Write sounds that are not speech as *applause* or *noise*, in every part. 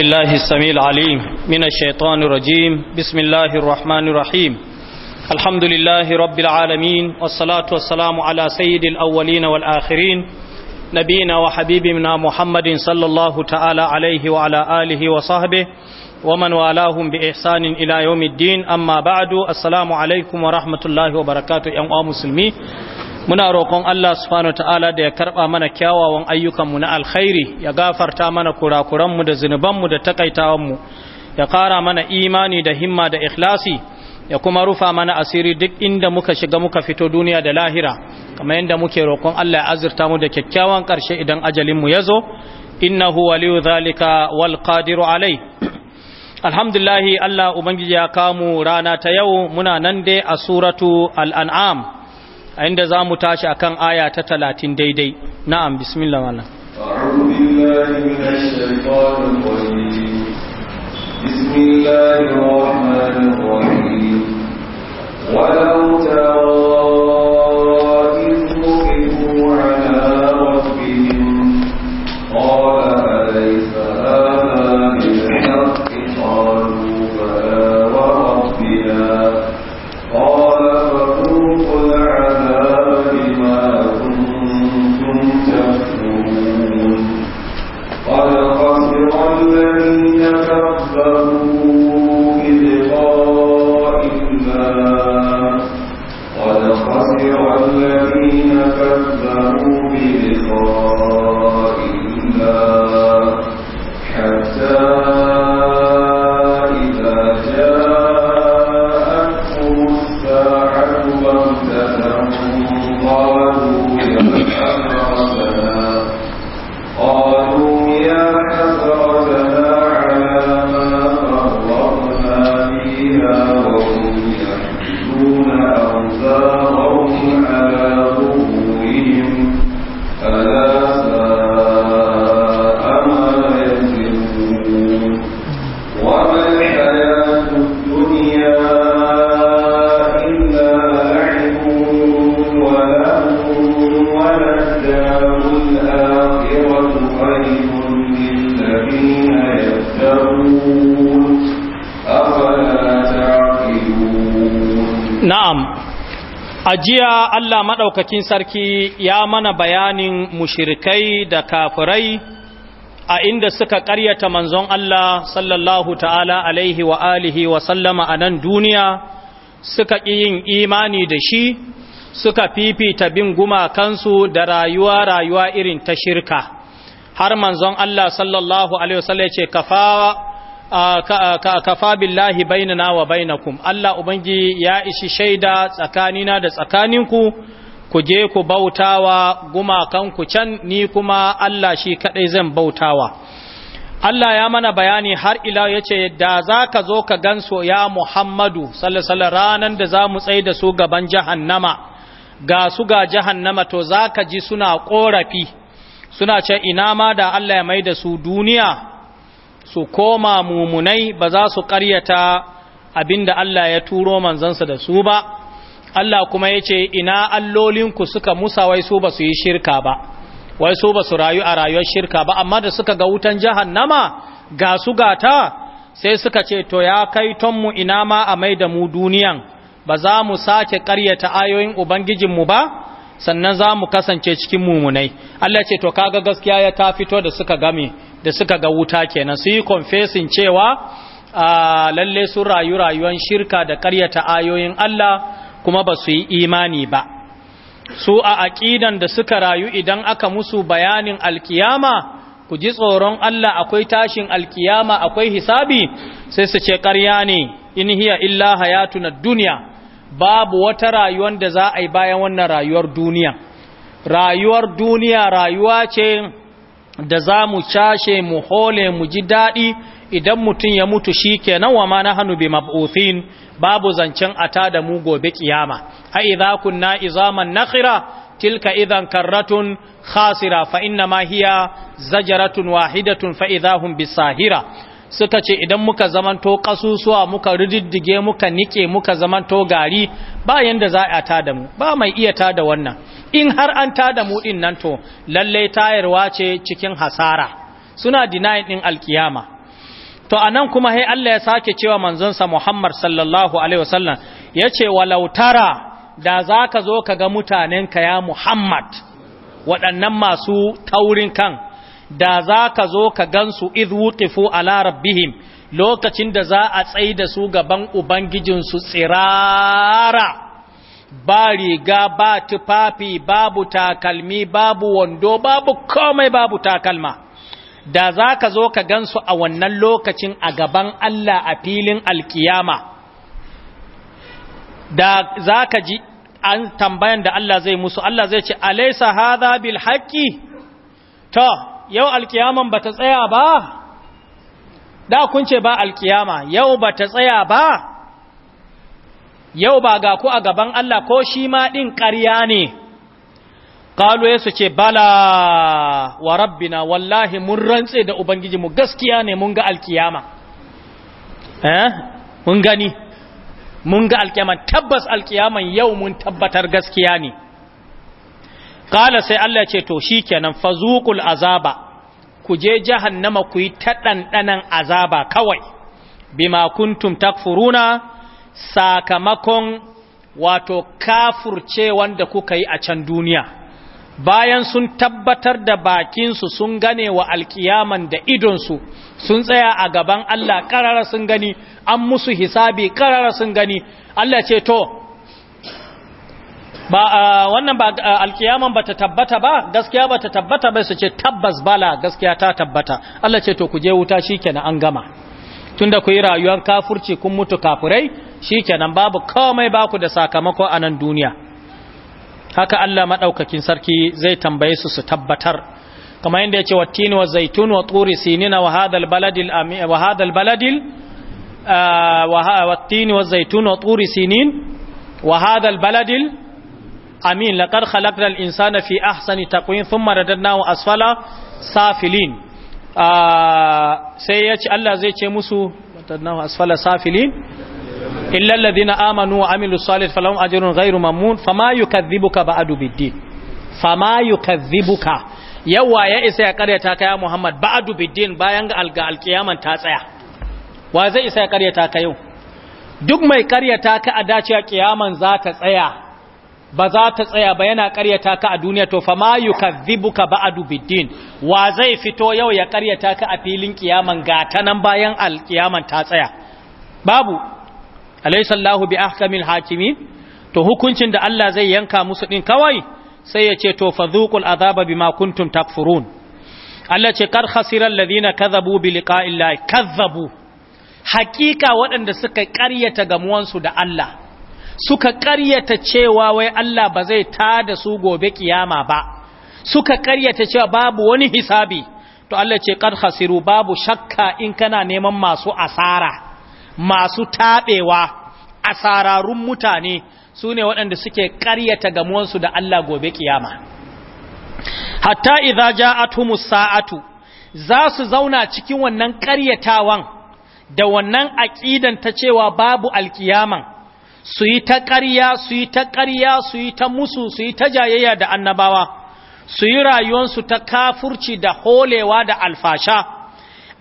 الله السميع العليم من الشيطان الرجيم بسم الله الرحمن الرحيم الحمد لله رب العالمين والصلاة والسلام على سيد الأولين والآخرين نبينا وحبيبنا محمد صلى الله تعالى عليه وعلى آله وصحبه ومن والاهم بإحسان إلى يوم الدين أما بعد السلام عليكم ورحمة الله وبركاته يا مسلمين muna roƙon Allah subhanahu ta'ala da ya karɓa mana kyawawan ayyukanmu na alkhairi ya gafarta mana kurakuranmu da zunubanmu da takaitawanmu ya ƙara mana imani da himma da ikhlasi ya kuma rufa mana asiri duk inda muka shiga muka fito duniya da lahira kamar yadda muke roƙon Allah ya azurta mu da kyakkyawan ƙarshe idan ajalinmu ya zo innahu waliyu zalika wal qadiru alai alhamdulillah Allah ubangiji ya mu rana ta yau muna nan dai a suratu al-an'am a inda za mu tashi akan aya ta talatin daidai na'am bismillah wala بسم الله الرحمن Amen. maɗaukakin sarki ya mana bayanin mushirikai da kafirai a inda suka ƙaryata manzon Allah sallallahu ta'ala alaihi wa alihi wa sallama a nan duniya suka ƙi yin imani da shi suka fifita bin gumakansu da rayuwa rayuwa irin ta shirka har manzon Allah sallallahu alaihi wasallam ce kafa kafa billahi bainana wa bainakum Allah ubangi ya ishi shaida tsakanina da tsakaninku ku je ku bautawa gumakanku can ni kuma Allah shi kadai zan bautawa Allah ya mana bayani har ila ya ce da za ka zo ka gansu ya Muhammadu sallasala ranar da za mu tsaye da su gaban jahannama ga su ga jahannama to za ka ji suna ƙorafi suna ce ina ma da Allah ya mai da su duniya su koma mumunai ba za su ƙaryata abinda Allah ya turo manzansa da su ba Allah kuma ya ce ina allolinku suka musa wai su ba su yi shirka ba wai su ba su rayu a rayuwar shirka ba amma da suka ga wutan jahannama ga su gata sai suka ce to ya kai tonmu ina ma a mai da mu duniyan ba za mu sake karyata ayoyin ubangijin mu ba sannan za mu kasance cikin mumunai Allah ce to kaga gaskiya ya ta fito da suka game da suka ga wuta kenan su yi confessing cewa ah, lalle sun rayu rayuwar shirka da karyata ayoyin Allah kuma ba su yi imani ba su a aƙidan da suka rayu idan aka musu bayanin alkiyama ku ji tsoron Allah akwai tashin alkiyama akwai hisabi sai su ce ƙarya ne in hiya illa hayatuna duniya babu wata rayuwar da za a yi bayan wannan rayuwar duniya rayuwar duniya rayuwa ce da za mu cashe mu hole mu ji daɗi idan mutum ya mutu shi kenan wa ma nahnu bi mab'uthin babu zancen ata da mu gobe kiyama a idza kunna izaman nakhira tilka idan karratun khasira fa inna ma hiya zajaratun wahidatun fa idahum bisahira suka ce idan muka zamanto kasusuwa muka rididdige muka nike muka zamanto gari ba yanda za a da mu ba mai iya tada wannan in har an da mu din nan to lallai tayarwa ce cikin hasara suna denying din alkiyama to anan kuma sai Allah ya sake cewa manzonsa Muhammad sallallahu alaihi wasallam yace walau da zaka zo ka ga mutanenka ya Muhammad waɗannan masu taurin kan da zaka zo ka gansu idh wuqifu ala rabbihim lokacin da za a tsai da su gaban ubangijinsu tsirara ba riga ba tufafi babu takalmi babu wando babu komai babu takalma da za ka zo ka gan su a wannan lokacin a gaban Allah a filin alkiyama da za ka ji an tambayan da Allah zai musu Allah zai ce alaisa hadha bil haqqi to yau alkiyaman bata tsaya ba da kun ce ba alkiyama yau bata tsaya ba yau ba ga ku a gaban Allah ko shi ma ɗin ƙarya ne Kalu ya ce bala wa rabbina wallahi mun rantse da ubangiji mu gaskiya ne mun ga alkiyama eh mun gani mun ga alkiyama tabbas alkiyaman yau mun tabbatar gaskiya ne Kala sai Allah ce to shi kenan fazukul azaba ku je jahannama ku yi ta ɗanɗanan azaba kawai bima kuntum takfuruna sakamakon wato kafurce wanda kuka yi a can duniya bayan sun tabbatar da bakinsu sun gane wa alkiyaman da idonsu sun tsaya a gaban Allah karara sun gani an musu hisabi karara sun gani Allah ce to ba wannan ba alkiyaman bata tabbata ba gaskiya bata tabbata ba su ce tabbas bala gaskiya ta tabbata Allah ce to ku je wuta shikenan an gama tunda ku yi rayuwar kafurci kun mutu kafurai shikenan babu komai baku da sakamako a nan duniya haka Allah madaukakin sarki zai tambaye su su tabbatar kamar yadda yace wattin wa zaitun wa turi sinina wa hadal baladil wa hadal baladil wa wattin wa zaitun wa turi sinin wa hadal baladil amin laqad khalaqnal insana fi ahsani taqwim thumma radadnahu asfala safilin sai yace Allah zai ce musu radadnahu asfala safilin illa alladhina amanu wa amilus salih falahum ajrun ghairu mamnun fama yukadhibuka ba'du biddin fama yukadhibuka yawa ya isa ya karyata kai Muhammad ba'du biddin bayan ga alga alkiyaman ta tsaya wa zai isa ya karyata kai yau duk mai karyata ka a dace kiyaman za ta tsaya ba za ta tsaya ba yana karyata ka a duniya to fama yukadhibuka ba'du biddin wa zai fito yau ya karyata ka a filin kiyaman ga ta nan bayan alkiyaman ta tsaya babu alaisallahu bi ahkamil hakimin to hukuncin da Allah zai yanka musu din kawai sai ya ce to fadhuqul azaba bima kuntum takfurun Allah ce kar khasiral ladina kadhabu bi liqa'illahi kadhabu hakika waɗanda suka ƙaryata gamuwansu da Allah suka ƙaryata cewa wai Allah ba zai tada su gobe kiyama ba suka ƙaryata cewa babu wani hisabi to Allah ce kar khasiru babu shakka in kana neman masu asara masu taɓewa sararun mutane su ne waɗanda suke ƙaryata gamuwansu da Allah gobe kiyama hatta a ja'atumus sa'atu za su zauna cikin wannan ƙaryatawan da wannan aƙidan ta cewa babu alkiyaman su yi ta ƙarya su yi ta ƙarya su yi ta musu su yi ta jayayya da annabawa su yi rayuwansu ta kafurci da holewa da alfasha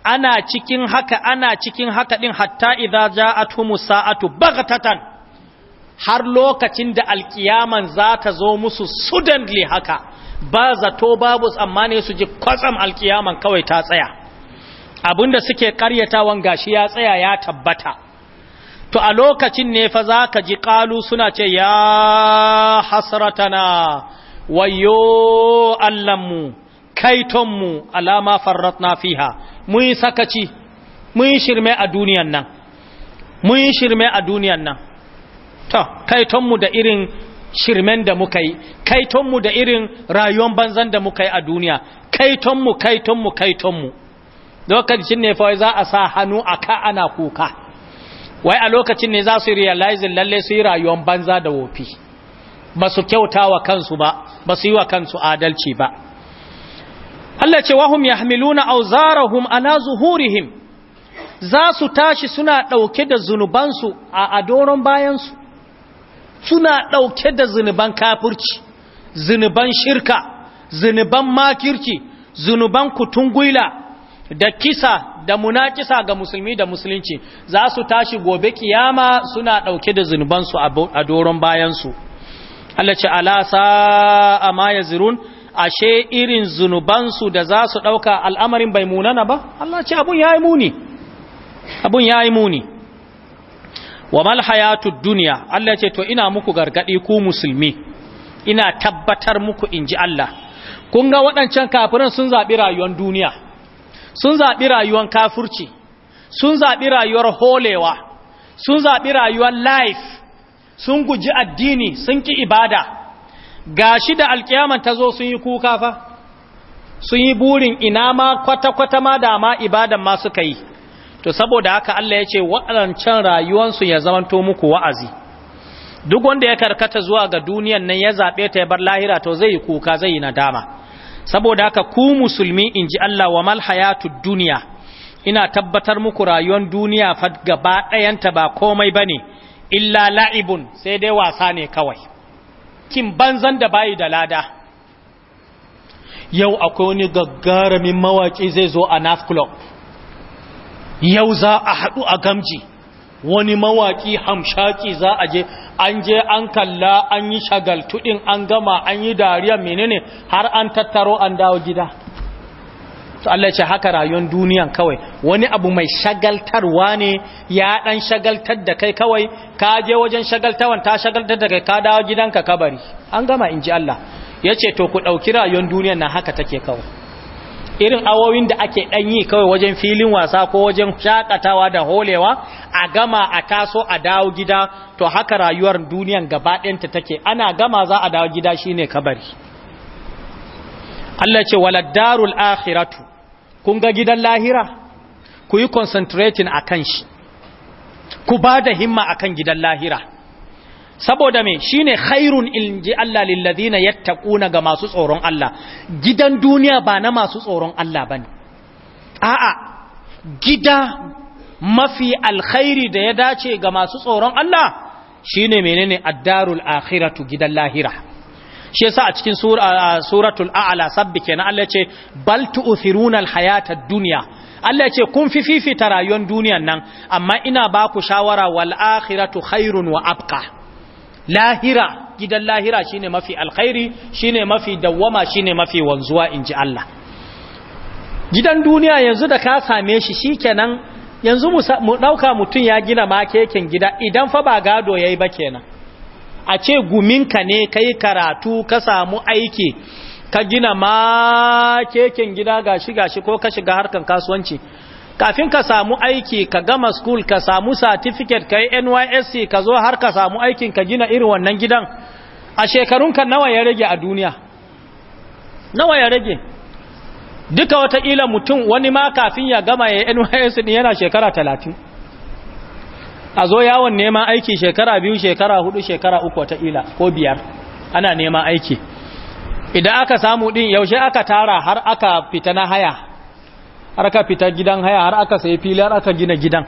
ana cikin haka ana cikin haka ɗin hatta idza ja'atuhum sa'atu baghtatan har lokacin da alkiyaman za ta zo musu suddenly haka ba zato babu tsammani su ji kwatsam alkiyaman kawai ta tsaya abinda suke karyatawan gashi ya tsaya ya tabbata to a lokacin ne fa za ka ji ƙalu suna ce ya hasratana wayo allanmu kaitonmu alama farratna fiha mun yi sakaci mun yi shirme a duniyan nan mun yi shirme a duniyan nan to kaitonmu da irin shirmen da muka yi kaitonmu da irin rayuwar banzan da muka yi a duniya kaitonmu kaitonmu kaitonmu lokacin ne fa za a sa hannu a ka ana kuka wai a lokacin ne za su realize lalle su yi rayuwar banza da wofi ba su kyauta wa kansu ba ba su yi wa kansu adalci ba Allah ce wahum yahmiluna auzarahum ala zuhurihim za su tashi suna ɗauke da zunubansu a adoron bayansu suna ɗauke da zunuban kafirci zunuban shirka zunuban makirci zunuban kutungwila da kisa da munakisa ga musulmi da musulunci za su tashi gobe kiyama suna ɗauke da zunubansu a doron bayansu Allah ce ala sa'a ma yazirun ashe irin zunubansu da za su ɗauka al'amarin bai munana ba Allah ce abun ya yi muni abun ya yi muni wa mal hayatu duniya Allah ce to ina muku gargaɗi ku musulmi ina tabbatar muku in ji Allah kun ga waɗancan kafirin sun zaɓi rayuwar duniya sun zaɓi rayuwar kafurci sun zaɓi rayuwar holewa sun zaɓi rayuwar life sun guji addini sun ki ibada Ga shi da alkiyaman ta zo sun yi kuka fa sun yi burin ina ma kwata-kwata ma da ma ibadan ma suka yi to saboda haka Allah ya ce waɗancan rayuwansu ya zamanto muku wa'azi duk wanda ya karkata zuwa ga duniyan nan ya zaɓe ta ya bar lahira to zai yi kuka zai yi nadama saboda haka ku musulmi in ji Allah wa mal hayatu duniya ina tabbatar muku rayuwar duniya fa gaba ɗayanta ba komai ba ne illa la'ibun sai dai wasa ne kawai kin banzan da bayi da lada yau akwai wani gaggaramin mawaki zai zo a nath club yau za a haɗu a gamji wani mawaki hamshaki za a je an je an kalla an yi shagaltuɗin an gama an yi dariya menene har an tattaro an dawo gida to Allah ce haka rayuwar duniyan kawai wani abu mai shagaltarwa ne ya dan shagaltar da kai kawai ka je wajen shagaltawan ta shagaltar da kai ka dawo gidanka kabari an gama inji Allah yace to ku dauki rayuwar duniya na haka take kawai irin awowin da ake dan yi kawai wajen filin wasa ko wajen shakatawa da holewa a gama a taso a dawo gida to haka rayuwar duniya gaba ɗayanta take ana gama za a dawo gida shine kabari Allah ce waladdarul akhiratu kun ga gidan lahira ku yi concentrating a kan shi ku ba da himma a kan gidan lahira saboda me shi ne khairun inji Allah lillazina yattaquna ga masu tsoron Allah gidan duniya ba na masu tsoron Allah bane a'a gida mafi alkhairi da ya dace ga masu tsoron Allah shine menene addarul akhiratu gidan lahira shi yasa a cikin sura suratul a'la sabbi kenan Allah ce bal tu'thiruna al-hayatad dunya Allah ce kun fi fifita rayuwar duniyan nan amma ina ba ku shawara wal akhiratu khairun wa abqa lahira gidan lahira shine mafi alkhairi shine mafi dawwama shine mafi wanzuwa inji Allah gidan duniya yanzu da ka same shi shikenan yanzu mu dauka mutun ya gina ma gida idan fa ba gado yayi ba kenan a ce ka ne kai karatu ka samu aiki ka gina ma keken gida gashi gashi ko ka shiga harkan kasuwanci kafin ka samu aiki ka gama school ka samu certificate ka yi nysc ka zo har ka samu aikin ka gina irin wannan gidan a shekarun ka nawa ya rage a duniya nawa ya rage duka wata wataƙila mutum wani ma kafin ya gama ya nysc yana shekara talatin a zo yawon neman aiki shekara biyu shekara hudu shekara uku wataƙila ko biyar ana neman aiki idan aka samu din yaushe aka tara har aka fita na haya har aka fita gidan haya har aka sai fili har aka gina gidan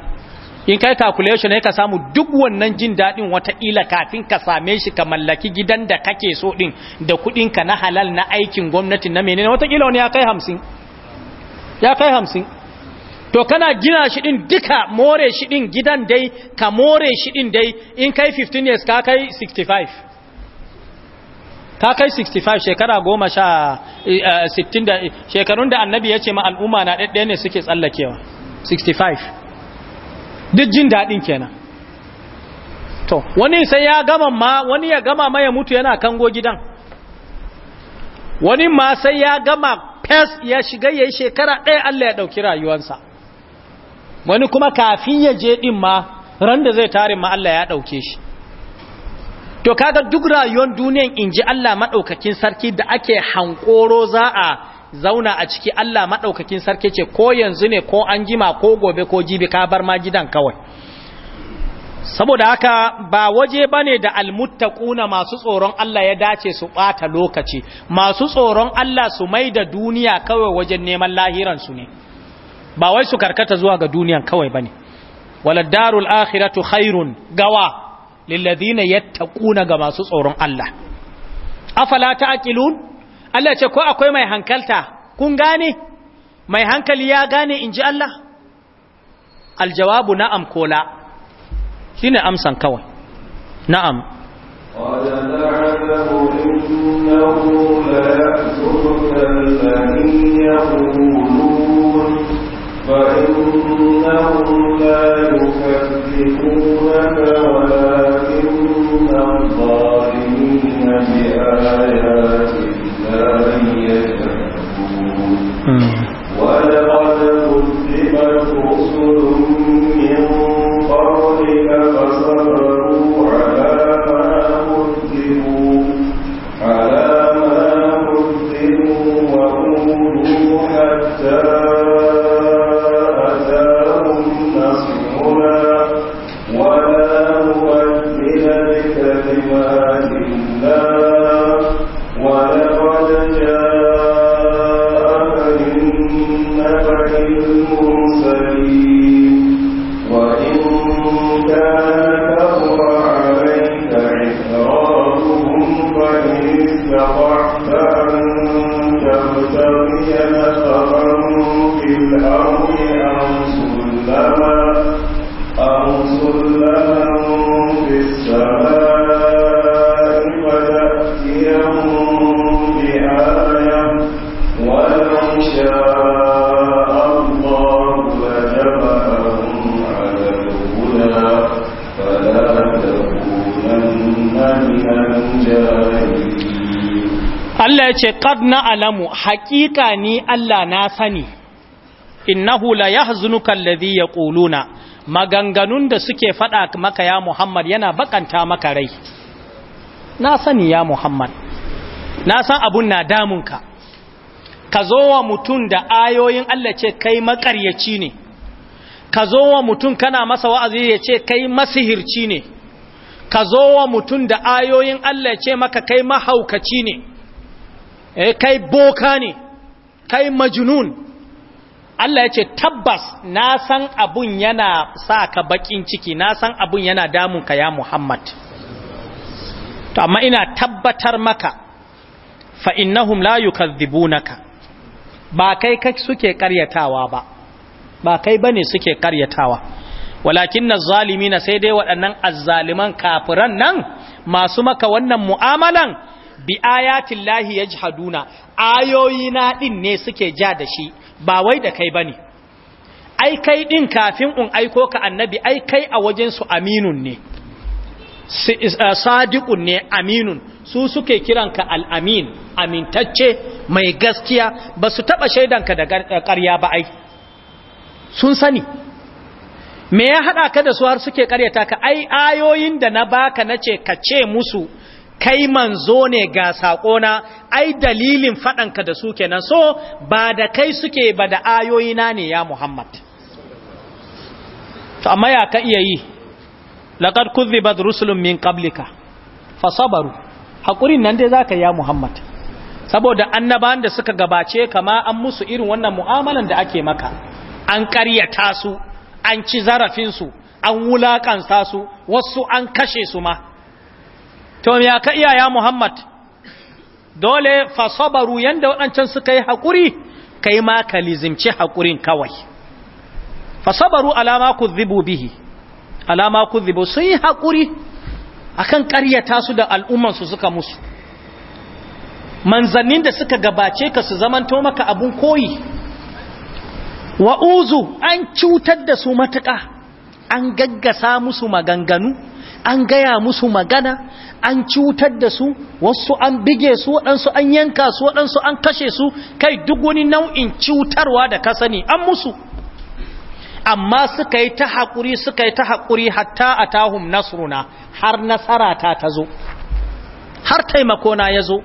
in kai calculation ne ka samu duk wannan jin daɗin wataƙila kafin ka same shi ka mallaki gidan da kake so din da kuɗinka na halal na aikin gwamnati na menene wataƙila wani ya kai hamsin ya kai hamsin to kana gina shi din duka more shi din gidan dai ka more shi din dai in kai 15 years ka kai 65 ka kai 65 shekara goma sha 60 eh, eh, da shekarun da annabi ya ce ma al'umma na ɗaɗɗaya ne suke tsallakewa 65 duk jin daɗin kenan to wani sai ya gama ma wani ya gama ma ya mutu yana kango gidan wani ma sai ya gama fes ya shiga ya yi shekara ɗaya Allah ya ɗauki rayuwarsa. wani kuma kafin ya je din ma ran da zai tarin ma Allah ya ɗauke shi to kaga duk rayuwar duniyan ji Allah maɗaukakin sarki da ake hankoro za a zauna a ciki Allah maɗaukakin sarki ce ko yanzu ne ko an jima ko gobe ko jibi ka bar ma gidan kawai saboda haka ba waje bane da almuttaquna masu tsoron Allah ya dace su bata lokaci masu tsoron Allah su maida duniya kawai wajen neman lahiran su ne ba wai su karkata zuwa ga duniyan kawai bane walad akhiratu khairun gawa lilladhina yattaquna ga masu tsoron Allah afala ta'qilun Allah ce ko akwai mai hankalta kun gane mai hankali ya gane inji Allah aljawabu na'am ko la shine amsan kawai na'am qad na'lamu innahu la yahzunka alladhi yaqulun فإنهم لا يكذبونك ولكن الظالمين بآيات الله يجحدون Yace ya ce na alamu ni Allah na sani innahu la yahzunuka alladhi yaquluna maganganun da suke faɗa maka ya Muhammad yana bakanta maka rai na sani ya Muhammad na san abun na damunka ka zo wa mutum da ayoyin Allah ce kai makaryaci ne ka zo wa mutum kana masa wa'azi ya ce kai masihirci ne ka zo wa mutum da ayoyin Allah ce maka kai mahaukaci ne eh kai boka ne kai majnun Allah ya ce tabbas na san abun yana sa ka bakin ciki na san abun yana damun ka ya Muhammad to amma ina tabbatar maka fa innahum la yukadhibunaka ba kai kai suke karyatawa ba ba kai bane suke karyatawa walakin na sai dai waɗannan azzaliman kafiran nan masu maka wannan mu'amalan bi ayatin lahi ya ayoyi na ɗin ne suke ja da shi ba wai da kai bane. ne ai kai ɗin kafin un aiko ka annabi ai kai a wajensu aminun ne uh, sadiqun ne aminun su suke kiranka al'amin amintacce mai gaskiya ba su taɓa shaidanka da ƙarya ba ai sun sani me ya haɗa ka da su har suke ƙaryata ka ai ayoyin da na baka na ce ka ce musu kai manzo ne ga saƙona ai dalilin faɗanka da su kenan so ba da kai suke ba da ayoyina ne ya muhammad to amma ya ka iya yi laƙar kuzibat rusulun min ƙablika fasabaru haƙurin nan dai zaka ka ya muhammad saboda annabawan da suka gabace kama an musu irin wannan mu'amalan da ake maka an ƙaryata su an ci zarafin su an wulaƙansa su wasu an kashe su ma to ya ka iyaya Muhammad dole fa yadda waɗancan suka yi haƙuri kai ma ka lizimci haƙurin kawai fa sabaru alama zibu bihi alama zibu sun yi haƙuri akan ƙaryata su da al'umman su suka musu manzannin da suka gabace ka su zamanto maka abun koyi wa'uzu an cutar da su matuƙa an gaggasa musu maganganu an gaya musu magana an cutar da su wasu an bige su waɗansu an yanka su waɗansu an kashe su kai duk wani nau'in cutarwa da ka sani an musu amma suka yi ta haƙuri suka yi ta haƙuri hatta a tahun nasruna har nasara ta ta zo har taimakona ya zo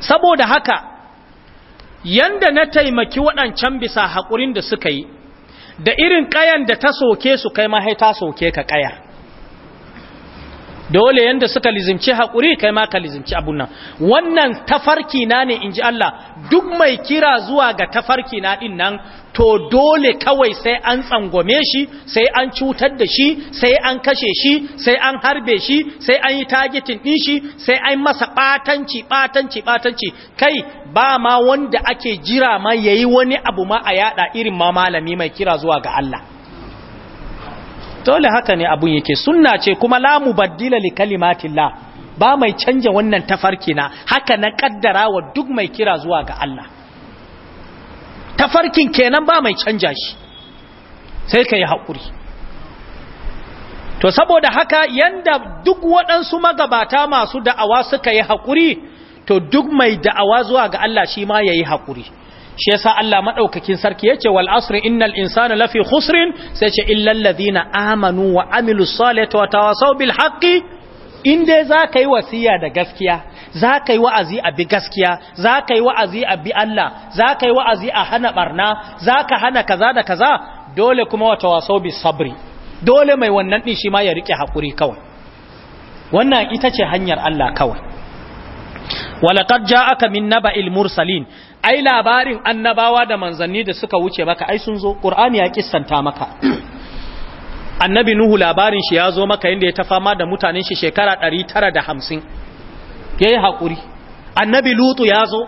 saboda haka yanda na taimaki waɗancan bisa haƙurin da suka yi da irin ƙayan da ta soke su kai mahaita ta soke ka ƙaya dole yanda suka lizimci haƙuri kai ma ka lizimci abun nan wannan tafarki na ne in ji Allah duk mai kira zuwa ga tafarki na ɗin nan to dole kawai sai an tsangwame shi sai an cutar da shi sai an kashe shi sai an harbe shi sai an yi targetin ɗin shi sai an masa ɓatanci ɓatanci ɓatanci kai ba ma wanda ake jira ma yayi wani abu ma a yaɗa irin ma malami mai kira zuwa ga Allah dole haka ne abun yake sunna ce kuma la mubaddila li kalimatillah ba mai canja wannan tafarki na haka na kaddara wa duk mai kira zuwa ga Allah tafarkin kenan ba mai canja shi sai ka hakuri to saboda haka yanda duk waɗansu magabata masu da'awa suka yi haƙuri to duk mai da'awa zuwa ga Allah shi ma ya yi haƙuri shi yasa Allah madaukakin sarki yace wal asri innal insana lafi khusrin sai ce illal ladina amanu wa amilus salihati wa tawasaw bil haqqi Inde zaka yi wasiya da gaskiya zaka yi wa'azi a bi gaskiya zaka yi wa'azi a bi Allah zaka yi wa'azi a hana barna zaka hana kaza da kaza dole kuma wa tawasaw bis sabri dole mai wannan din shi ma ya rike hakuri kawai wannan ita ce hanyar Allah kawai walaqad ja'aka min naba'il mursalin ai labarin annabawa da manzanni da suka wuce maka ai sun zo qur'ani ya kissanta maka *clears throat* annabi nuhu labarin shi ya zo maka inda ya ta fama da mutanen shi shekara 950 yayi hakuri annabi lutu ya zo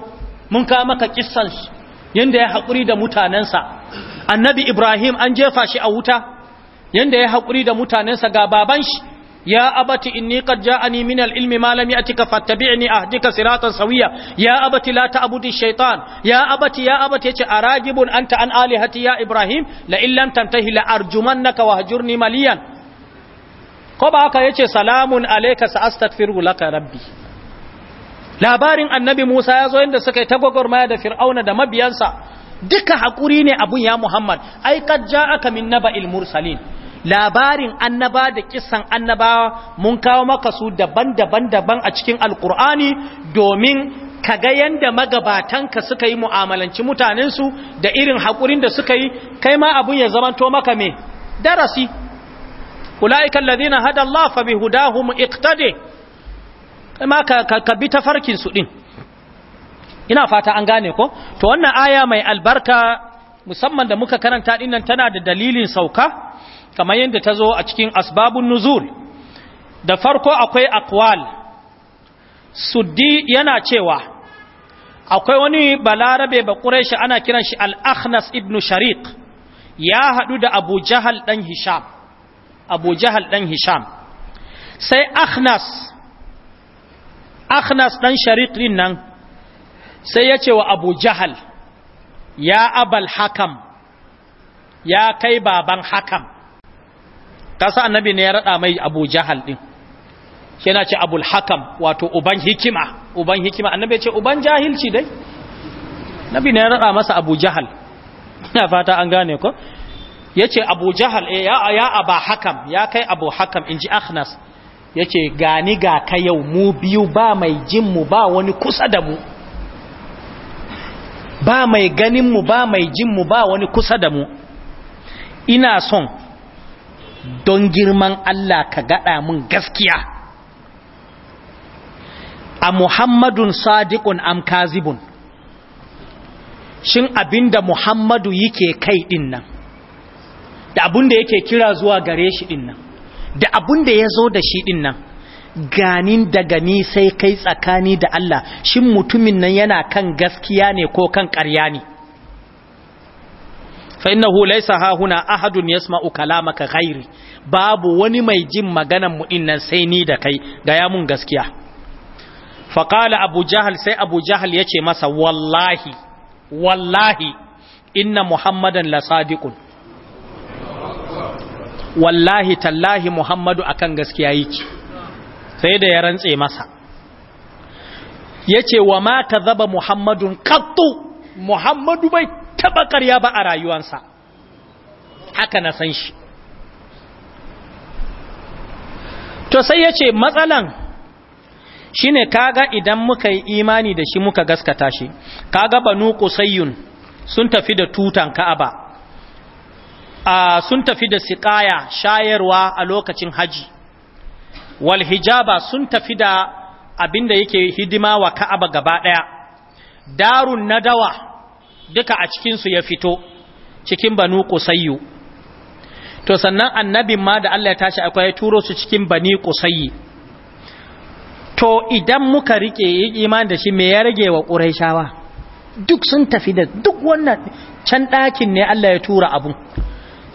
mun ka maka kissan shi yanda ya hakuri da mutanensa annabi ibrahim an jefa shi a wuta yanda ya hakuri da mutanensa ga baban shi ya abati inni qad ja'ani min al-ilmi ma lam ya'tika fattabi'ni ahdika siratan sawiya ya abati la ta'budi shaytan ya abati ya abati yace aragibun anta an alihati ya ibrahim la in lam tantahi la arjumannaka wahjurni maliyan ko ba haka yace salamun alayka sa'astaghfiru laka rabbi labarin annabi Musa ya zo yadda suka yi tagwagwarmaya da fir'auna da mabiyansa duka haƙuri ne a ya Muhammad ai kajja aka min naba'il mursalin labarin annaba da kisan annabawa mun kawo maka su daban-daban-daban a cikin alkur'ani domin ka ga yanda magabatanka suka yi mu'amalanci mutanensu da irin haƙurin da suka yi kai ma abun ya zamanto maka me darasi ula'ikan ladina hada lafa fa hudahu mu iktade kai ma ka, bi ta bi su ɗin ina fata an gane ko to wannan aya mai albarka musamman da muka karanta ɗinnan tana da dalilin sauka kamar yadda ta zo a cikin asbabun nuzul da farko akwai akwal suddi yana cewa akwai wani balarabe ba ƙuraishi ana kiran shi al'akhnas ibn shariq ya haɗu da abu jahal ɗan hisham abu jahal ɗan hisham sai akhnas akhnas ɗan shariq ɗin nan sai ya ce wa abu jahal ya abal hakam ya kai baban hakam kasa annabi ne ya rada mai abu jahal din yana ce abul hakam wato uban hikima uban hikima annabi ya ce uban jahilci dai nabi ne ya rada masa abu jahal ina fata an gane ko yace abu jahal eh ya ya aba hakam ya kai abu hakam inji akhnas yace gani ga ka yau mu biyu ba mai jin mu ba wani kusa da mu ba mai ganin mu ba mai jin mu ba wani kusa da mu ina son don girman Allah ka gaɗa mun gaskiya a muhammadun sadiqun am kazibun shin abinda muhammadu yake kai ɗinnan, nan da abinda yake kira zuwa gare shi ɗinnan, nan da abinda ya zo da shi ɗinnan. nan ganin daga ni sai kai tsakani da Allah shin mutumin nan yana kan gaskiya ne ko kan ƙarya ne fa innahu laysa hahuna ahadun yasma'u kalamaka ghairi babu wani mai jin maganan mu dinnan sai ni da kai ga ya mun gaskiya fa qala abu jahal sai abu jahal yace masa wallahi wallahi inna muhammadan la wallahi tallahi muhammadu akan gaskiya yake sai da ya rantse masa yace wa ma zaba muhammadun qattu muhammadu bai Taba ƙarya ba a rayuwansa haka na san shi to sai ya ce matsalan shi ne kaga idan muka yi imani da shi muka gaskata shi kaga banu ƙusayyun sun tafi da tutan ka'aba sun tafi da siƙaya shayarwa a lokacin haji wal hijaba sun tafi da abinda yake hidima wa ka'aba gaba ɗaya darun na dawa. duka a cikinsu ya fito cikin banu kusayyu to sannan annabin ma da Allah ya tashi akwai ya turo su cikin bani kusayyi to idan muka rike imani da shi me ya rage wa ƙuraishawa duk sun tafi da duk wannan can ɗakin ne Allah ya tura abu?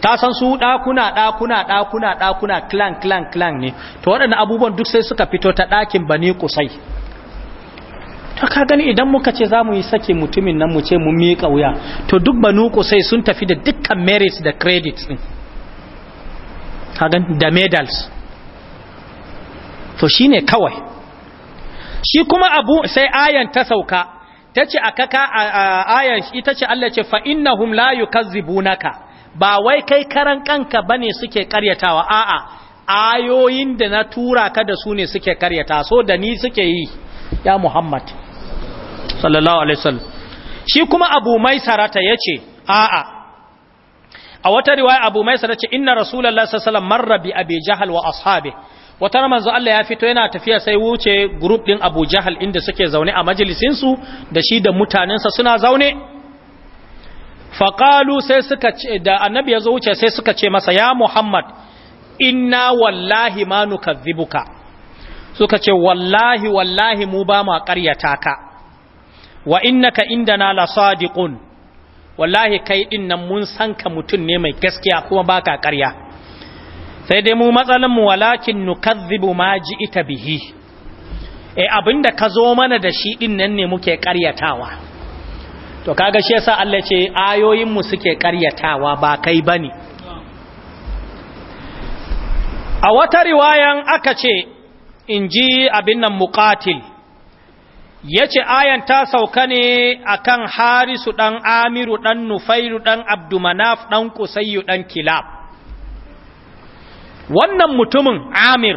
ta san su ɗakuna ɗakuna ɗakuna ɗakuna clan klan clan ne to waɗannan abubuwan duk sai suka fito ta ɗakin bani kusai to gani idan muka ce za mu yi sake mutumin nan mu ce mu miƙa wuya to duk banu sai sun tafi da dukkan merits da credits din da medals to shine kawai shi kuma abu sai ayan ta sauka ta ce a kaka ayan ita ce Allah ce fa'innahum la yukazzibunaka ba wai kai karan kanka bane suke karyatawa a'a ayoyin da na tura ka da su ne suke karyata so da ni suke yi ya Muhammad sallallahu alaihi wasallam shi kuma abu maisara ta yace a'a a wata riwaya abu maisara ce inna rasulullahi sallallahu alaihi wasallam marra bi abi jahal wa ashabi wata ran manzo Allah ya fito yana tafiya sai wuce group din Abu Jahal inda suke zaune a majalisin su da shi da mutanensa suna zaune faqalu sai suka ce da annabi ya zo wuce sai suka ce masa ya Muhammad inna wallahi ma nukazzibuka suka ce wallahi wallahi mu ba mu ƙaryata ka wa innaka indana la sadiqun wallahi kai din nan mun san ka mutun ne mai gaskiya kuma baka ƙarya sai dai mu matsalan mu walakin nukazzibu ma ji'ita bihi eh abinda ka zo mana da shi din nan ne muke ƙaryatawa to kaga shi yasa Allah ce ayoyin mu suke ƙaryatawa ba kai bane a wata riwayan aka ce in ji abin nan muqatil ya ce ayan ta sauka ne akan harisu ɗan amiru ɗan nufairu ɗan abdumanaf ɗan kusayyu ɗan kilab wannan mutumin amir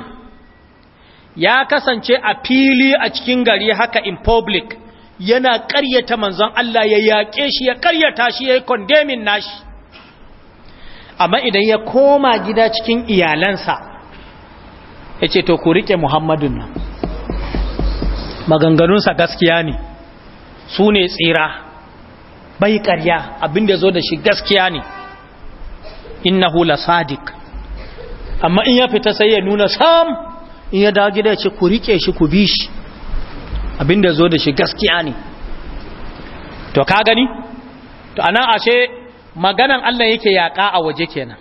ya kasance a fili a cikin gari haka in public yana ƙaryata manzon Allah ya yaƙe shi ya ƙaryata shi ya yi nashi amma idan ya koma gida cikin iyalansa ya ce to ku riƙe muhammadun nan maganganunsa gaskiya ne su ne tsira bai karya abinda zo da shi gaskiya ne innahu la sadiq amma in ya fita sai ya nuna sam in ya dawo gida ya ce ku rike shi ku bi shi abinda zo da shi gaskiya ne to ka gani to anan ashe maganan Allah yake yaka a waje kenan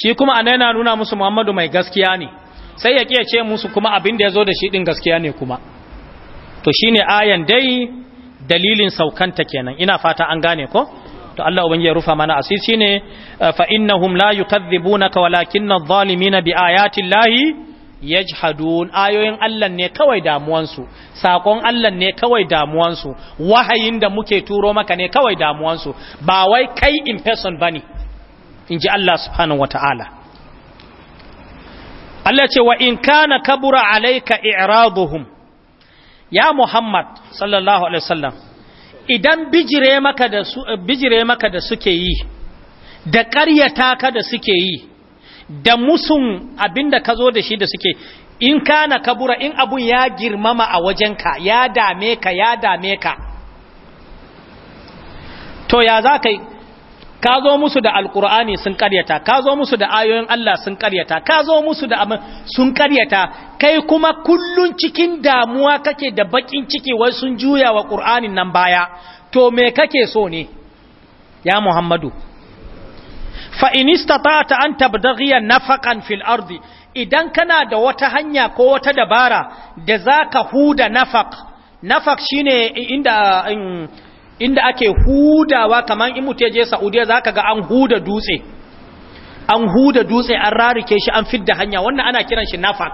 shi kuma anan yana nuna musu Muhammadu mai gaskiya ne sai ya kiyace musu kuma abinda ya zo da shi din gaskiya ne kuma to shine ayan dai dalilin saukanta kenan ina fata an gane ko to Allah ubangiji ya rufa mana asiri ne. fa innahum la yukadhibunaka walakin adh-dhalimina bi ayati llahi yajhadun ayoyin Allah ne kawai damuwansu sakon Allah ne kawai damuwansu wahayin da muke turo maka ne kawai damuwansu ba wai kai in person bane inji Allah subhanahu wataala Allah ce wa in kana kabura alayka i'raduhum ya Muhammad sallallahu alaihi wasallam idan eh, bijire maka da suke yi da ƙaryata ka da suke yi da musun abinda ka zo da shi da suke in kana kabura in abun ya girmama a wajenka ya dame ka ya dame ka to ya za ka ka zo musu da alkur'ani sun karyata ka zo musu da ayoyin Allah sun karyata ka zo musu da sun karyata kai kuma kullun cikin damuwa kake da bakin ciki wai sun juya wa qur'anin nan baya to me kake so ne ya muhammadu fa in istata'ta an tabdaghiya nafaqan fil ardi idan kana da wata hanya ko wata dabara da zaka huda nafaq nafaq shine inda inda ake hudawa kamar in mutu je saudiya za ka ga an huda dutse an huda dutse an rarike shi an fidda hanya wannan ana kiran shi nafak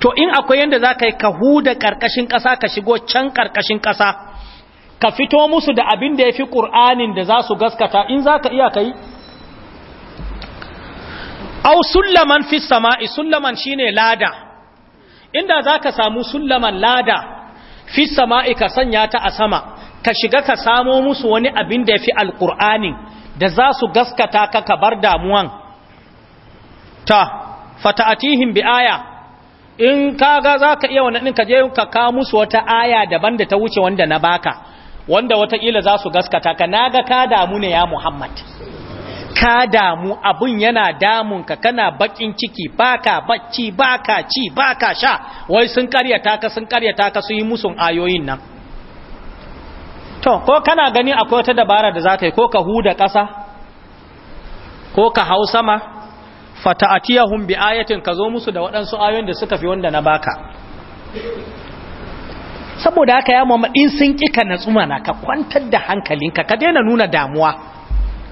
to in akwai yadda za ka yi ka huda ƙarƙashin ƙasa ka shigo can ƙarƙashin ƙasa ka fito musu da abin da ya fi ƙur'anin da za su gaskata in za iya ka yi au sullaman fi sama'i sullaman shine lada inda zaka samu sullaman lada fi sama'i ka sanya ta a sama ka shiga ka samo musu wani abin da ya fi alƙur'anin da za su gaskata ka ka bar damuwan ta fata'atihim bi aya in kaga za ka iya wani ka je ka kawo musu wata aya daban da ta wuce wanda na baka wanda watakila za su gaskata ka naga ka damu ne ya muhammad ka damu abun yana damunka kana bakin ciki baka bacci baka ci baka sha wai sun karyata ka sun karyata ka su yi musun ayoyin nan to ko kana gani akwai wata dabara da zaka yi ko ka huda ƙasa ko ka hau sama fata'atiyahum bi ayatin ka zo musu da waɗansu ayoyin da suka fi wanda na baka saboda haka ya mamma in sun kika natsuma na ka kwantar da hankalinka ka daina nuna damuwa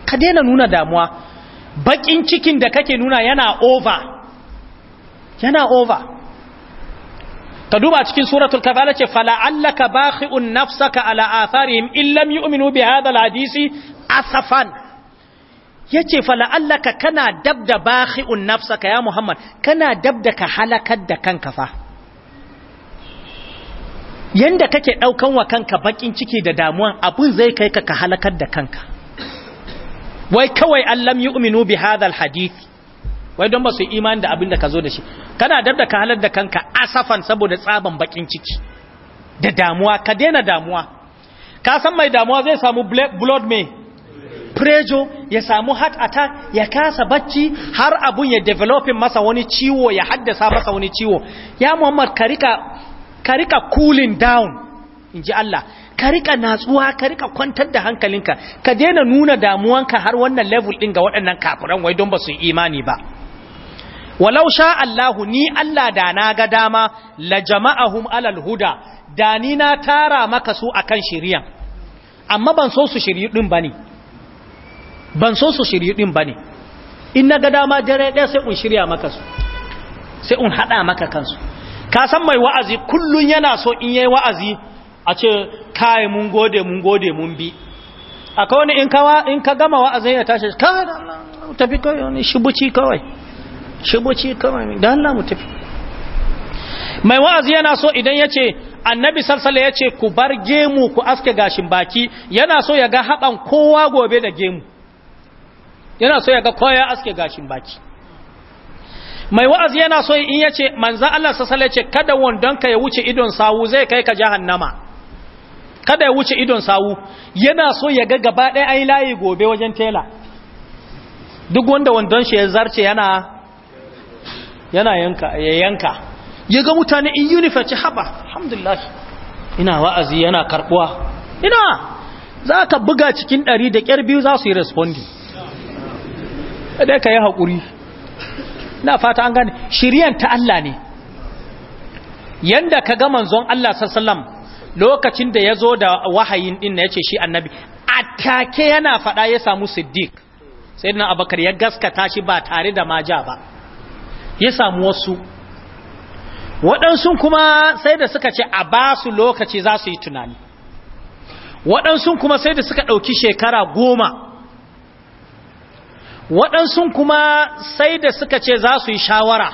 ka daina nuna damuwa bakin cikin da kake nuna yana over yana over ka duba cikin suratul kafala ce fala'allaka bakhi'un nafsaka ala atharihim illam yu'minu bi hadha alhadisi asafan yace fala'allaka kana dabda bakhi'un nafsaka ya muhammad kana dabda ka halakar da kanka fa yanda kake daukan wa kanka bakin ciki da damuwa abun zai kai ka ka halakar da kanka wai kawai allam yu'minu bi hadha alhadisi wai don ba su imani da abin da ka zo da shi kana dabda ka halar da kanka asafan saboda tsaban bakin ciki da damuwa ka daina damuwa ka san mai damuwa zai samu blood me prejo ya samu heart attack ya kasa bacci har abun ya developing masa wani ciwo ya haddasa masa wani ciwo ya muhammad karika karika cooling down in ji Allah ka rika natsuwa ka rika kwantar da hankalinka ka daina nuna damuwanka har wannan level din ga waɗannan kafiran wai don ba su imani ba walau sha Allahu ni Allah da na ga dama la jama'ahum alal huda da ni na tara maka su akan shiriyan amma ban so su shiryu din bane ban so su shiryu din bane in na ga dama dare ɗaya sai un shirya maka su sai un hada maka kansu ka san mai wa'azi kullun yana so in yayi wa'azi a ce kai mun gode mun gode mun bi akwai wani in ka gama wa'azin ya tashi ka tafi kawai wani shibuci kawai shigoci kawai da Allah mu tafi mai wa'azi yana so idan yace annabi salsala yace ku bar gemu ku aske gashin baki yana so ya ga haɓan kowa gobe da gemu yana so ya ga kowa aske gashin baki mai wa'azi yana so in yace manzo Allah salsala ya ce kada ka ya wuce idon sawu zai kai ka jahannama kada ya wuce idon sawu yana so ya ga gaba ɗaya ai layi gobe wajen tela duk wanda wandon shi ya zarce yana yana yanka ya yanka ya ga mutane in unifa ci haba alhamdulillah ina wa'azi yana karbuwa ina za ka buga cikin ɗari da ƙyar biyu za su yi responde. ɗaya ka yi haƙuri na fata an gane shiryan ta Allah ne yanda ka ga manzon Allah sallam lokacin da ya zo da wahayin ɗin na ya shi annabi a take yana faɗa ya samu siddiq sai na abakar ya gaskata shi ba tare da maja ba ya samu wasu waɗansu kuma sai da suka ce a ba su lokaci za su yi tunani waɗansu kuma sai da suka ɗauki shekara goma waɗansu kuma sai da suka ce za su yi shawara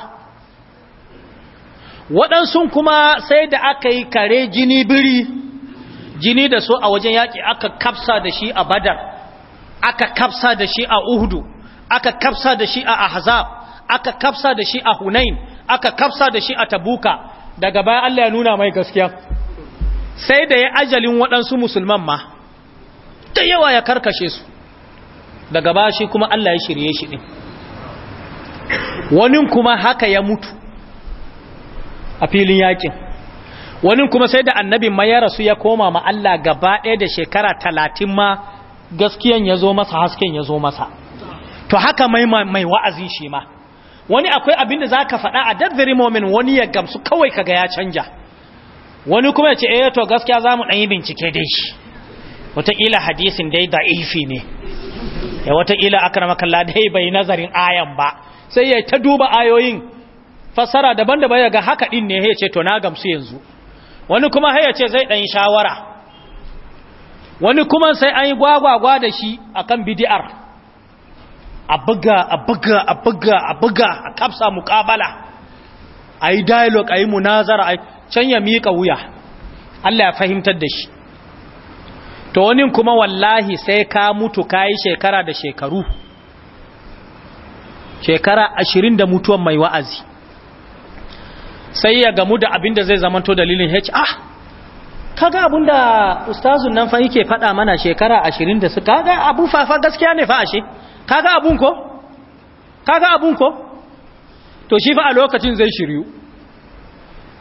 waɗansu kuma sai da aka yi kare jini biri jini da so a wajen yaƙi aka kafsa da shi a badar aka kafsa da shi a uhudu aka kafsa da shi a ahazab. aka kafsa da shi a hunain aka kafsa da shi a tabuka daga baya Allah ya nuna mai gaskiya sai da ya ajalin waɗansu musulman ma da yawa ya karkashe su daga baya shi kuma Allah ya shirye shi ɗin wani kuma haka ya mutu a filin yakin wani kuma sai da annabin ma ya rasu ya koma ma Allah gaba ɗaya da shekara talatin ma gaskiyan ya zo masa hasken ya zo masa to haka mai mai wa'azin shi ma wani akwai abin da za ka faɗa a that very wani ya gamsu kawai kaga ya canja wani kuma ya ce eh to gaskiya zamu mu yi bincike dai shi wataƙila hadisin dai da ifi ne ya wataƙila akramakallah dai bai nazarin ayan ba sai ya ta duba ayoyin fassara daban da ya ga haka ɗin ne ya ce to na gamsu yanzu wani kuma ya ce zai ɗanyi shawara wani kuma sai an yi gwagwagwa da shi akan bidi'ar a buga a buga a buga a buga a kafsa muƙabala a yi dialog a yi munazara a can ya miƙa wuya Allah ya fahimtar da shi to wani kuma wallahi sai ka mutu ka yi shekara da shekaru shekara ashirin da mutuwan mai wa'azi sai ya gamu da abin da zai zamanto dalilin h ah kaga abin da ustazun nan fa yake faɗa mana shekara ashirin da su kaga abu fafa gaskiya ne fa ashe kaga abun ko kaga abun ko to shi fa a lokacin zai shiryu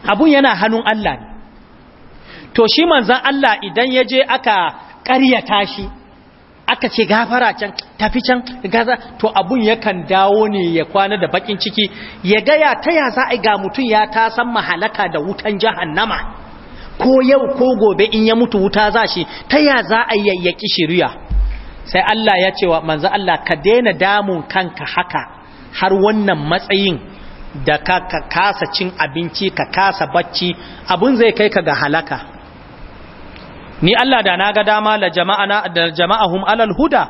abun yana hannun Allah ne to shi manzan Allah idan ya je aka ƙaryata shi aka ce gafara can tafi can gaza to abun yakan dawo ne ya kwana da bakin ciki ya gaya ta ya za a ga mutum ya ta san mahalaka da wutan jahannama ko yau ko gobe in ya mutu wuta za shi ta ya za a yayyaki shirya sai Allah ya ce wa manzo Allah ka daina damun kanka haka har wannan matsayin da ka kasa cin abinci ka kasa bacci abun zai kai ka ga halaka ni Allah da na ga dama la jama'ana da jama'ahum alal huda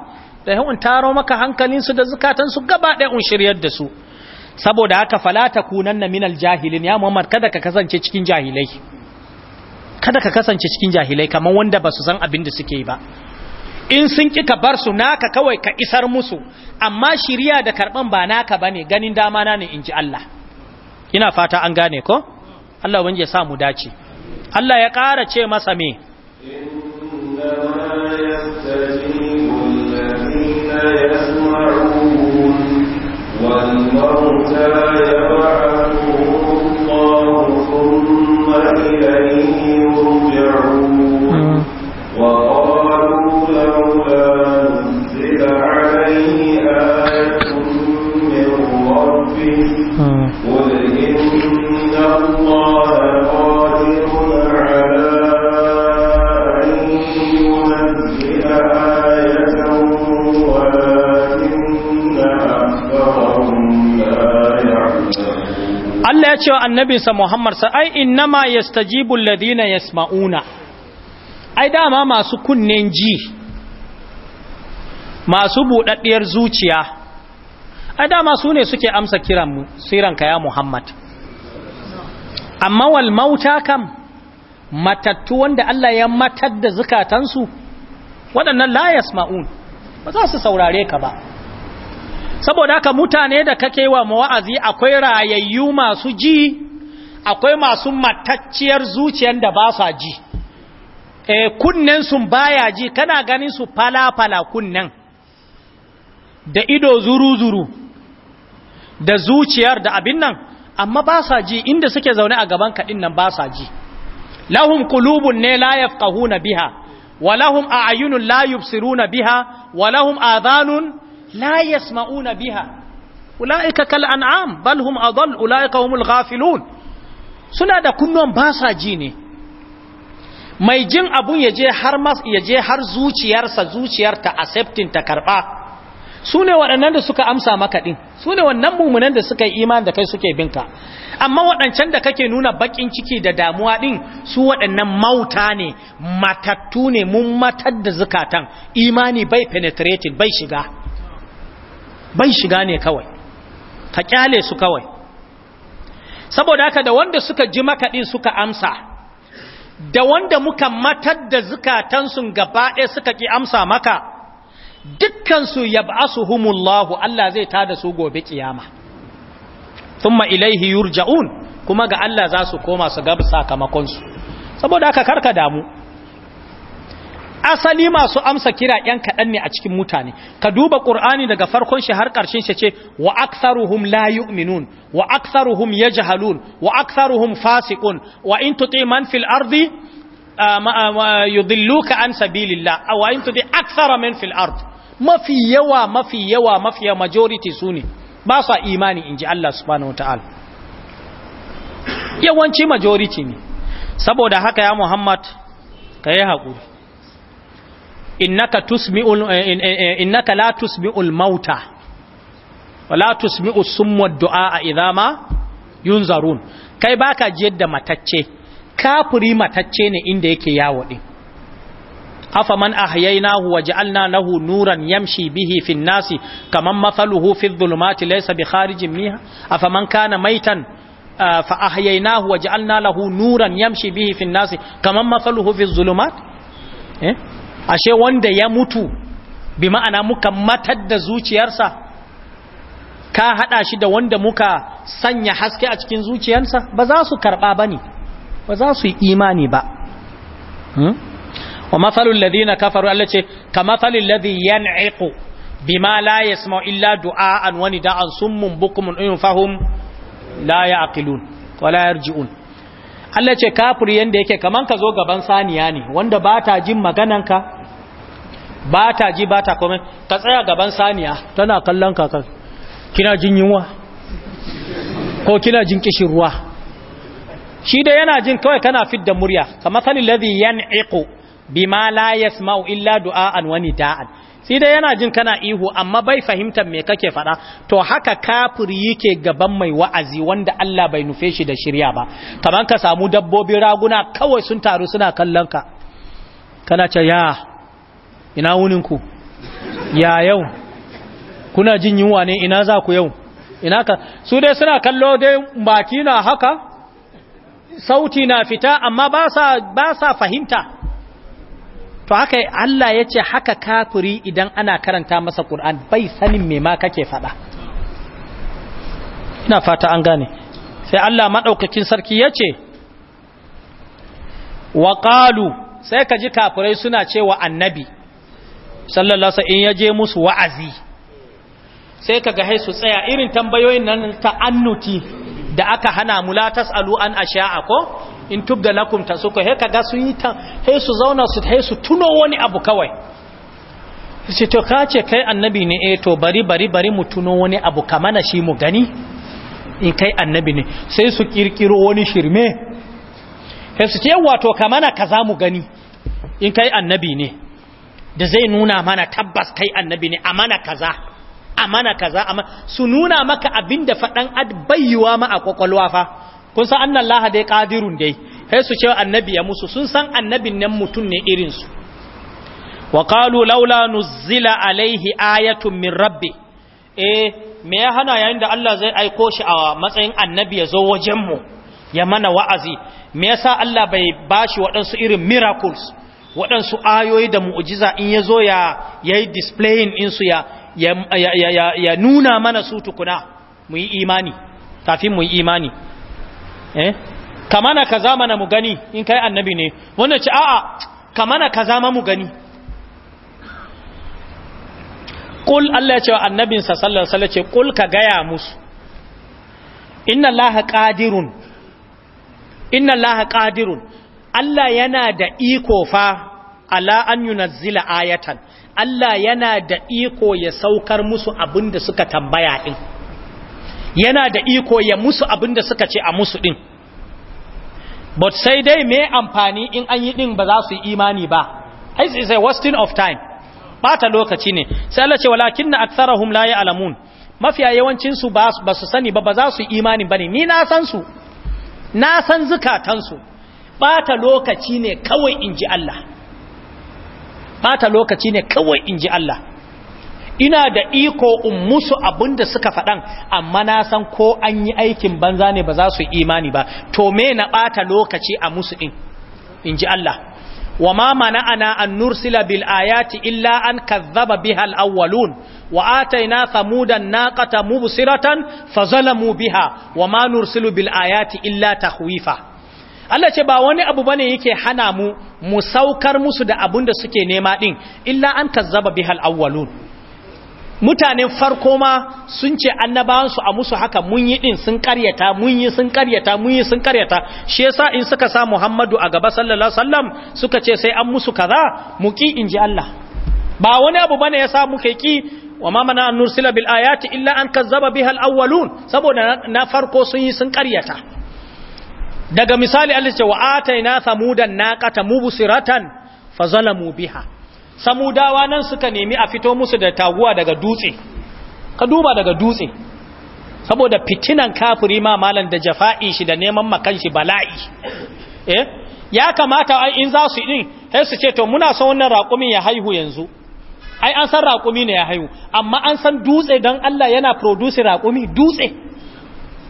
da hun taro maka hankalin su da zukatan gaba ɗaya un shiryar da su saboda haka falata kunanna minal jahilin ya Muhammad kada ka kasance cikin jahilai kada ka kasance cikin jahilai kamar wanda ba su san abin da suke yi ba in sun ƙi ka bar su naka kawai ka isar musu amma shirya da karɓan ba naka ba ne ganin dama na ne in ji Allah ina fata an gane ko Allah wani ya sa mu dace Allah ya ƙara ce masa me ya ce wa annabinsa Muhammad sa ai innama yastajibu alladhina yasma'una ai dama masu kunnen ji masu budaddiyar zuciya ai dama su ne suke amsa kiran mu siranka ya Muhammad amma wal mauta kam matattu wanda Allah ya matar da zukatansu waɗannan la yasma'un ba za su saurare ka ba saboda haka mutane da kake wa mawa'azi akwai rayayyu masu ji akwai masu matacciyar zuciyar da ba sa ji e, eh, kunnen sun baya ji kana ganin su fala-fala kunnen da ido zuru-zuru da zuciyar da abin nan amma ba sa ji inda suke zaune a gaban kaɗin nan ba sa ji lahum qulubun ne la yafqahuna biha wa lahum a'yunun la na biha wa lahum adhanun la yasma'una biha ulaika kal an'am bal hum adall ulaika humul ghafilun suna da kunnuwan basa sa mai jin abun ya je har mas ya je har zuciyarsa zuciyar ta accepting ta karba su ne waɗannan da suka amsa maka ɗin su ne wannan mummunan da suka yi iman da kai suke binka amma waɗancan da kake nuna baƙin ciki da damuwa ɗin su waɗannan mauta ne matattu ne mun matar da zukatan imani bai penetrating bai shiga bai shiga ne kawai ka kyale su kawai saboda haka da wanda suka ji makaɗin suka amsa da wanda muka matar da zukatansu gaba ɗaya suka ki amsa maka dukkansu yab'asuhumullahu Allah zai tada su gobe ƙiyama. thumma ilaihi yurja'un kuma ga Allah za su koma su ga sakamakonsu saboda haka karka damu asali masu amsa kira ‘yan kaɗan ne a cikin mutane, ka duba ƙur'ani daga farkon shi har ƙarshen shi ce, wa aksaruhum la yu'minun, wa aksaruhum ya jahalun, wa aksaruhum fasikun, wa in tuti man fil ardi yudilluka an sabilillah, wa in tuti aksara man fil ardi. Mafi yawa, mafi yawa, mafi yawa majority su ne, ba sa imani in ji Allah subhanahu wa ta'ala. Yawanci majority ne, saboda haka ya Muhammad, ka yi haƙuri. innaka tusmi'ul eh, eh, eh, innaka la tusmi'ul mauta wala tusmi'u summa du'a idza ma yunzarun kai baka jiyar da matacce kafiri matacce ne inda yake yawo din afa man ahyaynahu wa lahu nuran yamshi bihi fin nasi kaman mathaluhu fi dhulumati laysa bi kharijin minha afa man kana maitan ah, fa ahyaynahu wa lahu nuran yamshi bihi fin nasi kaman mathaluhu fi eh ashe wanda ya mutu bi ma'ana muka matar da zuciyarsa ka hada shi da wanda muka sanya haske a cikin zuciyarsa ba za su karba bane ba za su yi imani ba hmm? wa mafalul ladina kafaru Allah ce ka mafalul ladhi yan'iqu bima la yasma'u illa wani wa sun mun bukumun in fahum la ya'qilun wa la yarji'un Allah ce kafiri yanda yake kaman ka zo gaban saniya ne wanda ba ta jin magananka ba ta ji ba ta komai ka tsaya gaban saniya tana kallon ka kina jin yunwa ko kina jin kishin ruwa shi da yana jin kawai kana fidda murya kamar sanin ladhi yan'iqu bima la yasma'u illa du'a'an wani da'an sai dai yana jin kana ihu amma bai fahimtar me kake faɗa to haka kafiri yake gaban mai wa'azi wanda Allah bai nufe shi da shirya ba kaman ka samu dabbobin raguna kawai sun taru suna kallon ka kana ce ya ina wunin ku ya yau kuna jin yunwa ne ina za ku yau ina ka su dai suna kallo dai baki na haka sauti na fita amma ba sa fahimta to haka Allah ya ce haka kafiri idan ana karanta masa Qur'an bai sanin me ma kake faɗa ina fata an gane sai Allah maɗaukakin sarki ya ce wa sai ka ji kafirai suna cewa annabi sallallahu in ya je musu wa'azi sai ka ga su tsaya irin tambayoyin nan ta annuti da aka hana mu la tasalu an asha'a ko in tubda lakum tasuka he kaga sun yi ta he su zauna su he su tuno wani abu kawai sai to kace kai annabi ne eh to bari bari bari mu tuno wani abu kamana shi mu gani in kai annabi ne sai su kirkiro wani shirme he su ce wato kamana kaza mu gani in kai annabi ne da zai nuna mana tabbas kai annabi ne amana kaza amana kaza amma su nuna maka abinda faɗan ad bayyuwa ma a kwakwalwa fa kun san annallaha laha dai qadirun dai sai su ce annabi ya musu sun san annabin nan mutum ne irin su wa qalu laula nuzila alaihi ayatun min rabbi eh me ya hana yayin da Allah zai aiko shi a matsayin annabi ya zo wajen mu ya mana wa'azi me yasa Allah bai bashi waɗansu irin miracles waɗansu ayoyi da mu'jiza in ya zo ya yayi displaying din su ya ya nuna mana su tukuna mu yi imani kafin mu yi imani eh kamana ka na mu gani in kai annabi ne wannan ce a'a kamana ka zama mu gani kul Allah ya ce wa annabinsa sallallahu alaihi wasallam ce kul ka gaya musu inna laha qadirun inna allaha qadirun Allah yana da iko fa ala an yunazzila ayatan Allah yana da iko ya saukar musu abin da suka tambaya ɗin yana da iko ya musu abin da suka ce a musu ɗin but sai dai me amfani in an yi ɗin ba za su yi imani ba is a wasting of time bata lokaci ne sai Allah ce walakin na la ya'lamun mafiya yawancinsu su ba su sani ba ba za su imani bane ni na san su na san zukatansu, bata lokaci ne kawai in ji Allah bata lokaci ne kawai in ji Allah ina da iko in musu abin da suka faɗan amma na san ko an yi aikin banza ne ba za su imani ba to me na bata lokaci a musu ɗin in ji Allah wa ma mana'ana an nursila bil ayati illa an kazzaba biha al awwalun wa ataina samudan naqata mubsiratan fazalamu biha wa ma nursilu bil ayati illa tahwifa Allah ce ba wani abu bane yake hana mu Musaukar musu da abun da suke nema ɗin illa an kazzaba bihal awwalun mutanen farko ma sun ce annabawansu a musu haka mun yi din sun karyata mun yi sun karyata mun yi sun karyata shi yasa in suka sa Muhammadu a gaba sallallahu alaihi wasallam suka ce sai an musu kaza mu ki inji Allah ba wani abu bane yasa muke ki wa ma mana an nursila bil ayati illa an kazzaba bihal awwalun saboda na farko sun yi sun karyata daga misali Allah ce wa ataina samudan naqata mubsiratan fazalamu biha samudawa nan suka nemi a fito musu da taguwa daga dutse ka duba daga dutse saboda fitinan kafiri ma malan da jafa'i shi da neman makan shi bala'i eh ya kamata ai in za su din sai su ce to muna son wannan raƙumin ya haihu yanzu ai an san raqumi ne ya haihu amma an san dutse dan Allah yana producing raqumi dutse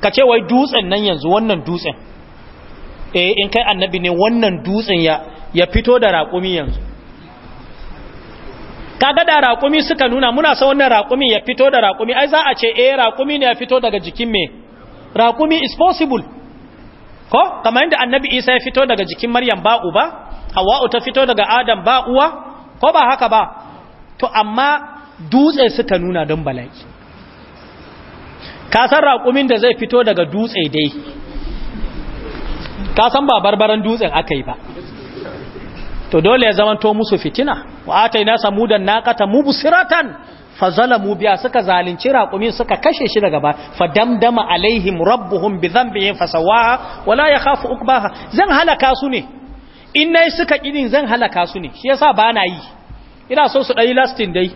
ka ce wai dutsen nan yanzu wannan dutsen eh in kai annabi ne wannan dutsen ya ya fito da raƙumi yanzu kaga da raƙumi suka nuna muna sa wannan raƙumi ya fito da raƙumi ai za a ce eh raƙumi ne ya fito daga jikin me raƙumi is possible ko kamar yadda annabi Isa ya fito daga jikin Maryam ba uba Hawwa'u ta fito daga Adam ba uwa ko ba haka ba to amma dutse suka nuna don bala'i ka san raƙumin da zai fito daga dutse dai ka san ba barbaran dutsen aka yi ba to dole ya zamanto musu fitina wa ataina nakata naqata mubsiratan fazalamu biya suka zalunci raqumin suka kashe shi daga ba fadamdama alaihim rabbuhum bi dhanbihim fasawaha wala yakhafu ukbaha zan halaka su ne in nayi suka kidin zan halaka su ne shi yasa ba na yi ina so su dai lastin dai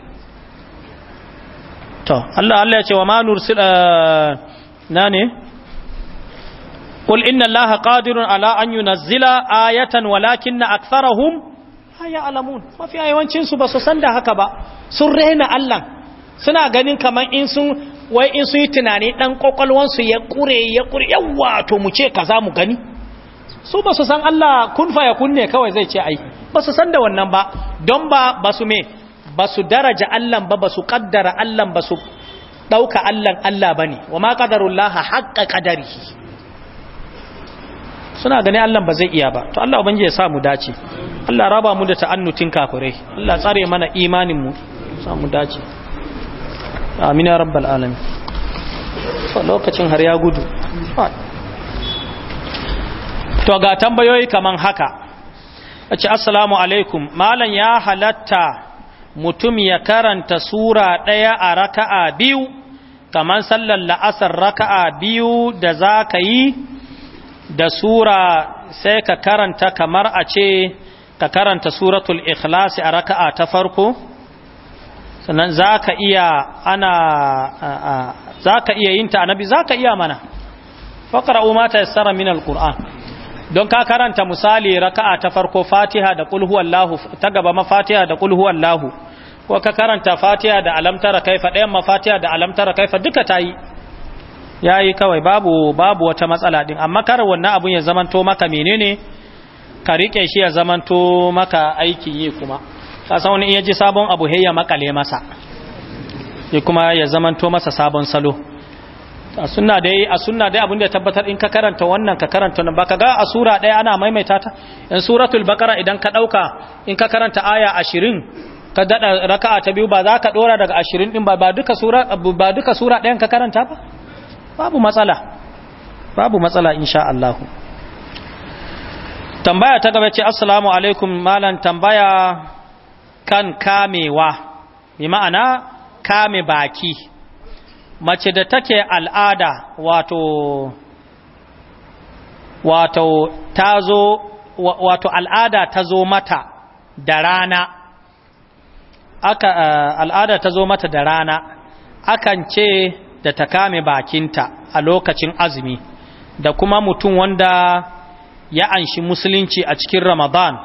to Allah Allah ya ce wa ma eh, na ne qul inna allaha qadirun ala an yunazzila ayatan walakinna aktharahum la ya'lamun mafi yawancin ba su san da haka ba sun rena Allah suna ganin kamar in sun wai in sun yi tunani dan kokolwan su ya kure ya kure yawa to mu ce kaza mu gani su ba su san Allah kun fa ya kunne kawai zai ce ai ba su san da wannan ba don ba ba su me ba su daraja Allah ba ba su kaddara Allah ba su dauka Allah Allah bane wa ma qadarullaha haqqa ƙadari. suna gane Allah ba zai iya ba to Allah ubangi ya sa mu dace Allah raba mu da ta'annutin kafirai Allah tsare mana imanin mu sa mu dace amin ya rabbal alamin lokacin har ya gudu to ga tambayoyi kaman haka ce assalamu alaikum malam ya halatta mutum ya karanta sura daya a raka'a biyu kaman sallar la'asar raka'a biyu da za ka yi da sura sai ka karanta kamar a ce ka karanta suratul ikhlasi a raka'a ta farko sannan za ka iya ana za ka iya yin ta annabi za ka iya mana faƙara'u mata ya tsara minal alƙur'an don ka karanta misali raka'a ta farko fatiha da ƙulhuwallahu ta gaba mafatiha da ƙulhuwallahu ko ka karanta fatiha da alamtara kaifa ɗayan mafatiha da alamtara kaifa duka ta yi Ya yi kawai babu babu wata matsala din amma kar wannan abun ya zamanto maka menene ka rike shi ya zamanto maka aiki yi kuma kasan wani iya ji sabon abu ya makale masa ya kuma ya zamanto masa sabon salo a sunna dai a sunna dai abin da tabbatar in ka karanta wannan ka karanta nan baka ga a sura ɗaya ana maimaita ta in suratul baqara idan ka dauka in ka karanta aya 20 ka dada raka'a ta biyu ba za ka dora daga 20 din ba ba duka sura ba duka sura ɗayan ka karanta ba babu matsala babu matsala insha Allah tambaya ta gaba ce assalamu alaikum malam tambaya kan kamewa bi ma'ana kame baki mace da take al'ada wato wato tazo wato al'ada ta zo mata da rana aka eh, al'ada ta zo mata da rana akan ce da ta kame bakinta a lokacin azumi da kuma mutum wanda ya anshi musulunci a cikin ramadan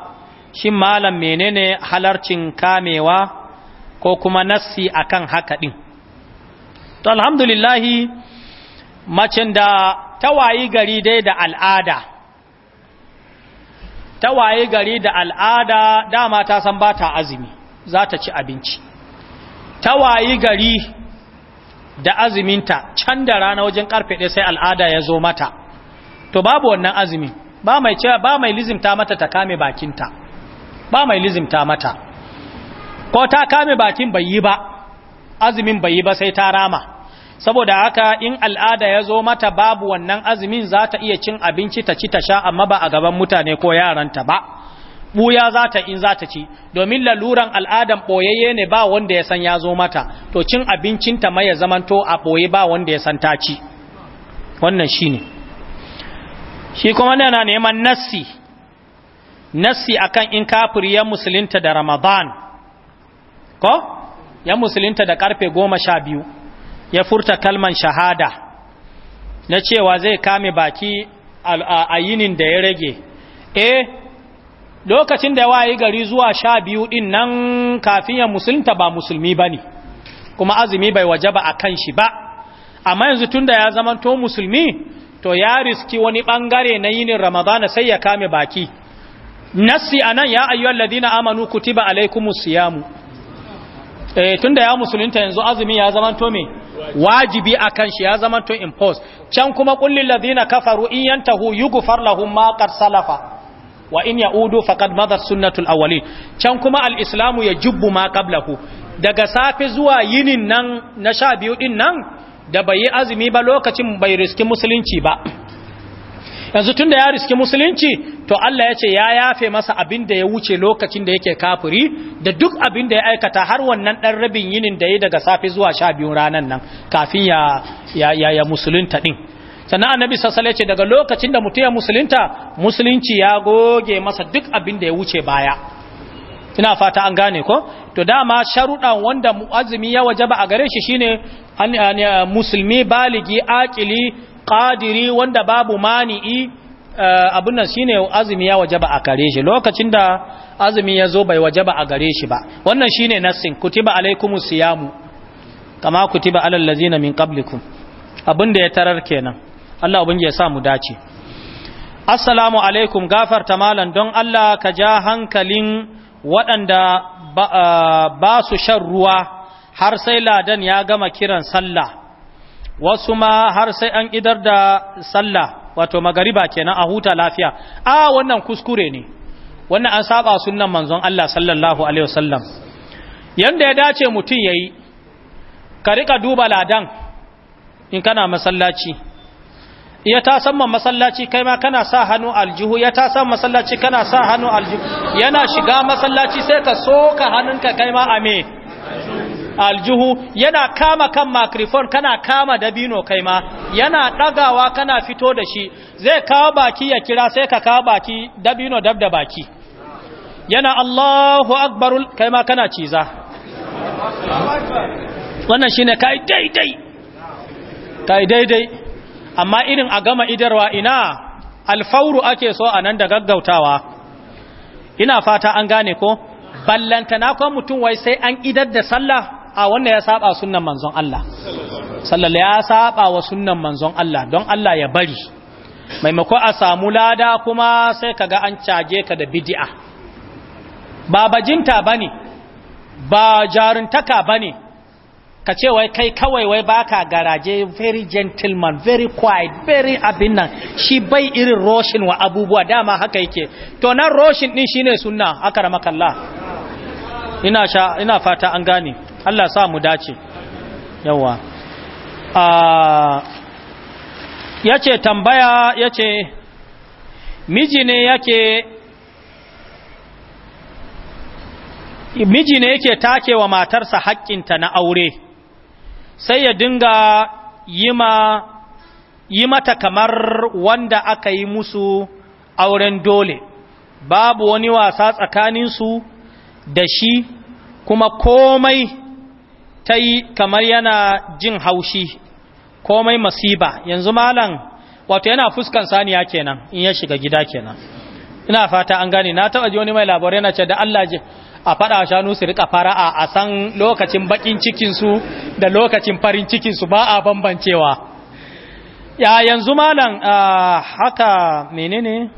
shin malam menene halarcin kamewa ko kuma nassi akan haka din to alhamdulillahi mace da tawayi gari dai da al'ada tawayi gari da al'ada dama ta san ba ta azumi za ta ci abinci tawayi gari da aziminta can da rana wajen karfe ɗaya sai al'ada ya zo mata to babu wannan azumi ba mai cewa ba mai lizimta mata ta kame bakinta ba mai lizimta mata ko ta kame bakin bai yi ba azumin bai yi ba sai ta rama saboda haka in al'ada ya zo mata babu wannan azumin za ta iya cin abinci ta ci ta sha amma ba a gaban mutane ko yaranta ba buya za ta in za ta ci domin laluran al'adan ɓoyayye ne ba wanda ya san ya zo mata to cin abincinta mai ya zamanto a ɓoye ba wanda ya san ta ci wannan shi ne shi kuma yana neman nassi nassi akan in kafir ya musulunta da ramadan ko ya musulunta da karfe goma sha biyu ya furta kalman shahada na cewa zai kame baki a yinin da ya rage eh lokacin da ya wayi gari zuwa sha biyu ɗin nan kafin ya musulunta ba musulmi ba ne kuma azumi bai waje ba a kan shi ba amma yanzu tun da ya to musulmi to ya riski wani bangare na yinin ramadana sai ya kame baki nassi a nan ya ayyuan ladina amanu kutiba alaikumus siyamu eh, tun da ya musulunta yanzu azumi ya to me wajibi a kan shi ya to impose can kuma kullin ladina kafaru in hu yughfar lahum ma qad salafa wa in ya'udu faqad madat sunnatul awwalin can kuma al-islamu yajubbu ma qablahu daga safe zuwa yinin nan na sha biyu din nan da bai yi azumi ba lokacin bai riski musulunci ba yanzu tunda ya riski musulunci to Allah ya ce ya yafe masa abin da ya wuce lokacin da yake kafiri da duk abin da ya aikata har wannan dan rabin yinin da ya daga safe zuwa sha biyu ranan nan kafin ya ya ya, ya musulunta din sannan annabi sassale ce daga lokacin da mutum ya musulunta musulunci ya goge masa duk abin da ya wuce baya ina fata an gane ko to dama sharuɗan wanda azumi ya wajaba a gare shi shine musulmi baligi akili qadiri wanda babu mani'i eh, abun nan shine azumi ya wajaba a gare shi lokacin da azumi ya zo bai wajaba a gare shi ba wannan shine nassin kutiba alaikumus siyamu kama kutiba alal ladzina min qablikum da ya tarar kenan Allah ubangi ya sa mu dace assalamu alaikum ta malam don Allah ka ja hankalin waɗanda ba, su shan ruwa har sai ladan ya gama kiran sallah wasu ma har sai an idar da sallah wato magariba kenan a huta lafiya a wannan kuskure ne wannan an saba sunnan manzon Allah sallallahu alaihi wasallam yanda ya dace mutum yayi ka rika duba ladan in kana masallaci ya ta samma masallaci kai ma kana sa hannu aljihu ya ta samma masallaci kana sa hannu aljihu yana shiga masallaci sai ka soka hannunka kai ma a aljihu yana kama kan makrifon kana kama dabino kai ma yana dagawa kana fito da shi zai kawo baki ya kira sai ka kawo baki dabino dab da baki yana Allahu akbar kai ma kana ciza wannan shine kai daidai kai daidai amma irin a gama idarwa ina alfauru ake so a nan da gaggautawa ina fata an gane ko ballantana ko mutum wai sai an idar da sallah a wanda ya saba sunnan manzon Allah sallallahu ya saba wa sunnan manzon Allah don Allah ya bari maimako a samu lada kuma sai kaga an caje ka da bid'a ba bajinta bane ba jaruntaka bane ka ce wai kai kawai wai baka garaje very gentleman very quiet very abin nan shi bai irin roshin wa abubuwa dama haka yake to nan roshin din shine sunna aka ramakalla ina sha ina fata an gane Allah sa mu dace yawa a ah, yace tambaya yace miji ne yake miji ne yake take wa matarsa haƙƙinta na aure sai ya dinga yi mata kamar wanda aka yi musu auren dole babu wani wasa tsakaninsu da shi kuma komai ta yi kamar yana jin haushi komai masiba yanzu malam wato yana fuskan saniya kenan in ya shiga gida kenan ina fata an gani. na taɓa ji wani mai labarai yana ce da Allah je a fada shanu su rika fara'a a san lokacin bakin cikinsu da lokacin farin cikin su ba a bambancewa ya yanzu malam haka menene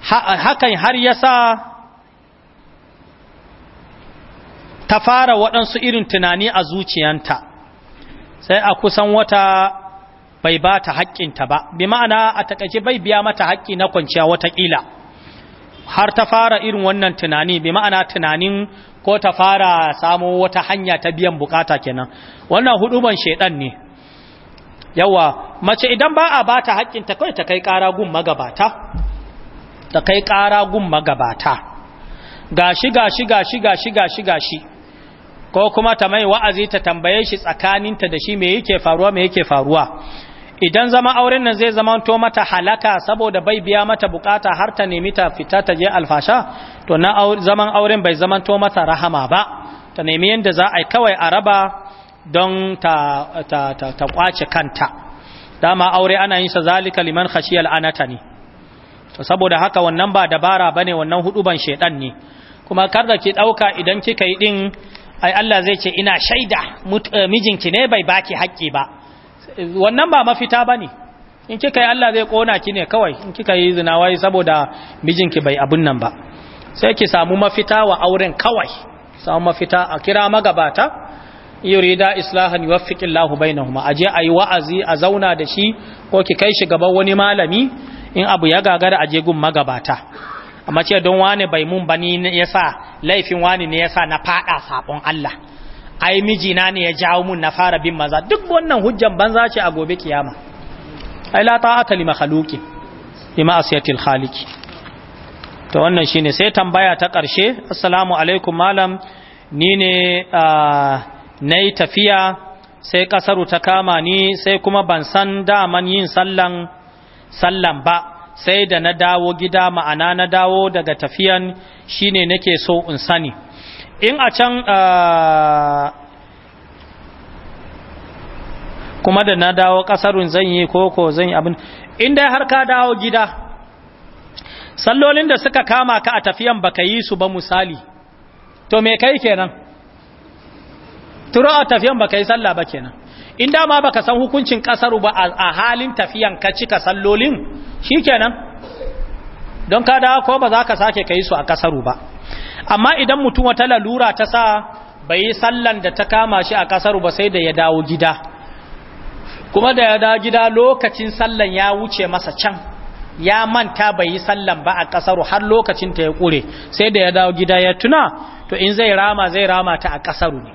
haka har yasa ta fara waɗansu irin tunani a zuciyanta sai a kusan wata bai ba ta haƙƙinta ba bi ma'ana a takaice bai biya mata haƙƙi na kwanciya watakila har ta fara irin wannan tunani bi ma'ana tunanin ko ta fara samo wata hanya ta biyan bukata kenan wannan huduban shedan ne yawa mace idan ba a bata haƙƙinta kai ta kai ƙara gun magabata ta kai ƙara gun magabata ga gashi gashi gashi gashi gashi ko kuma ta mai wa'azi ta tambaye shi tsakaninta da shi me yake faruwa me yake faruwa idan zama auren nan zai zama to mata halaka saboda bai biya mata bukata har ta nemi ta fita ta je alfasha to na zaman auren bai zama to mata rahama ba ta nemi yadda za a yi kawai a raba don ta, ta, ta, ta kwace kanta dama aure ana yin sa zalika liman khashiyal anata ne to saboda haka wannan ba dabara bane wannan ban shedan ne kuma kar da ki dauka idan kika yi din ai Allah zai ce ina shaida mijinki ne bai baki haƙƙi ba wannan ba mafita ba ne in kika yi Allah zai kona ki ne kawai in kika yi zina wai saboda mijinki bai abun nan ba sai ki samu mafita wa auren kawai samu mafita a kira magabata yurida islahan yuwaffiqillahu bainahuma aje ayi wa'azi a zauna da shi ko ki kai shi gaban wani malami in abu ya gagara aje gun magabata amma ce don wani bai mun bani ne yasa laifin wani ne yasa na faɗa sabon Allah ai mijina ne ya jawo mun na fara bin maza duk wannan hujjan banza ce a gobe kiyama ai la ta aka lima khaluqi lima asiyatil khaliqi to wannan shine sai tambaya ta karshe assalamu alaikum malam ni ne nayi tafiya sai kasaru ta kama ni sai kuma ban san daman yin sallan sallan ba sai da na dawo gida ma'ana na dawo daga tafiyan shine nake so in sani in a can ah, kuma da na dawo kasarun zan yi koko zan yi abin inda har ka dawo gida sallolin da suka kama ka a tafiyan baka yi su ba misali to me kai kenan turo a tafiyan baka yi sallah ba kenan in dama baka san hukuncin kasaru ba a halin tafiyan ka cika sallolin shikenan don ka dawo ko ba za ka sake kai su a kasaru ba amma idan mutum wata lalura ta sa bai yi sallan da ta kama shi a kasar ba sai da ya dawo gida kuma da ya dawo gida lokacin sallan ya wuce masa can ya manta bai yi sallan ba a kasar har lokacin ta ya kure sai da ya dawo gida ya tuna to in zai rama zai rama ta a kasar ne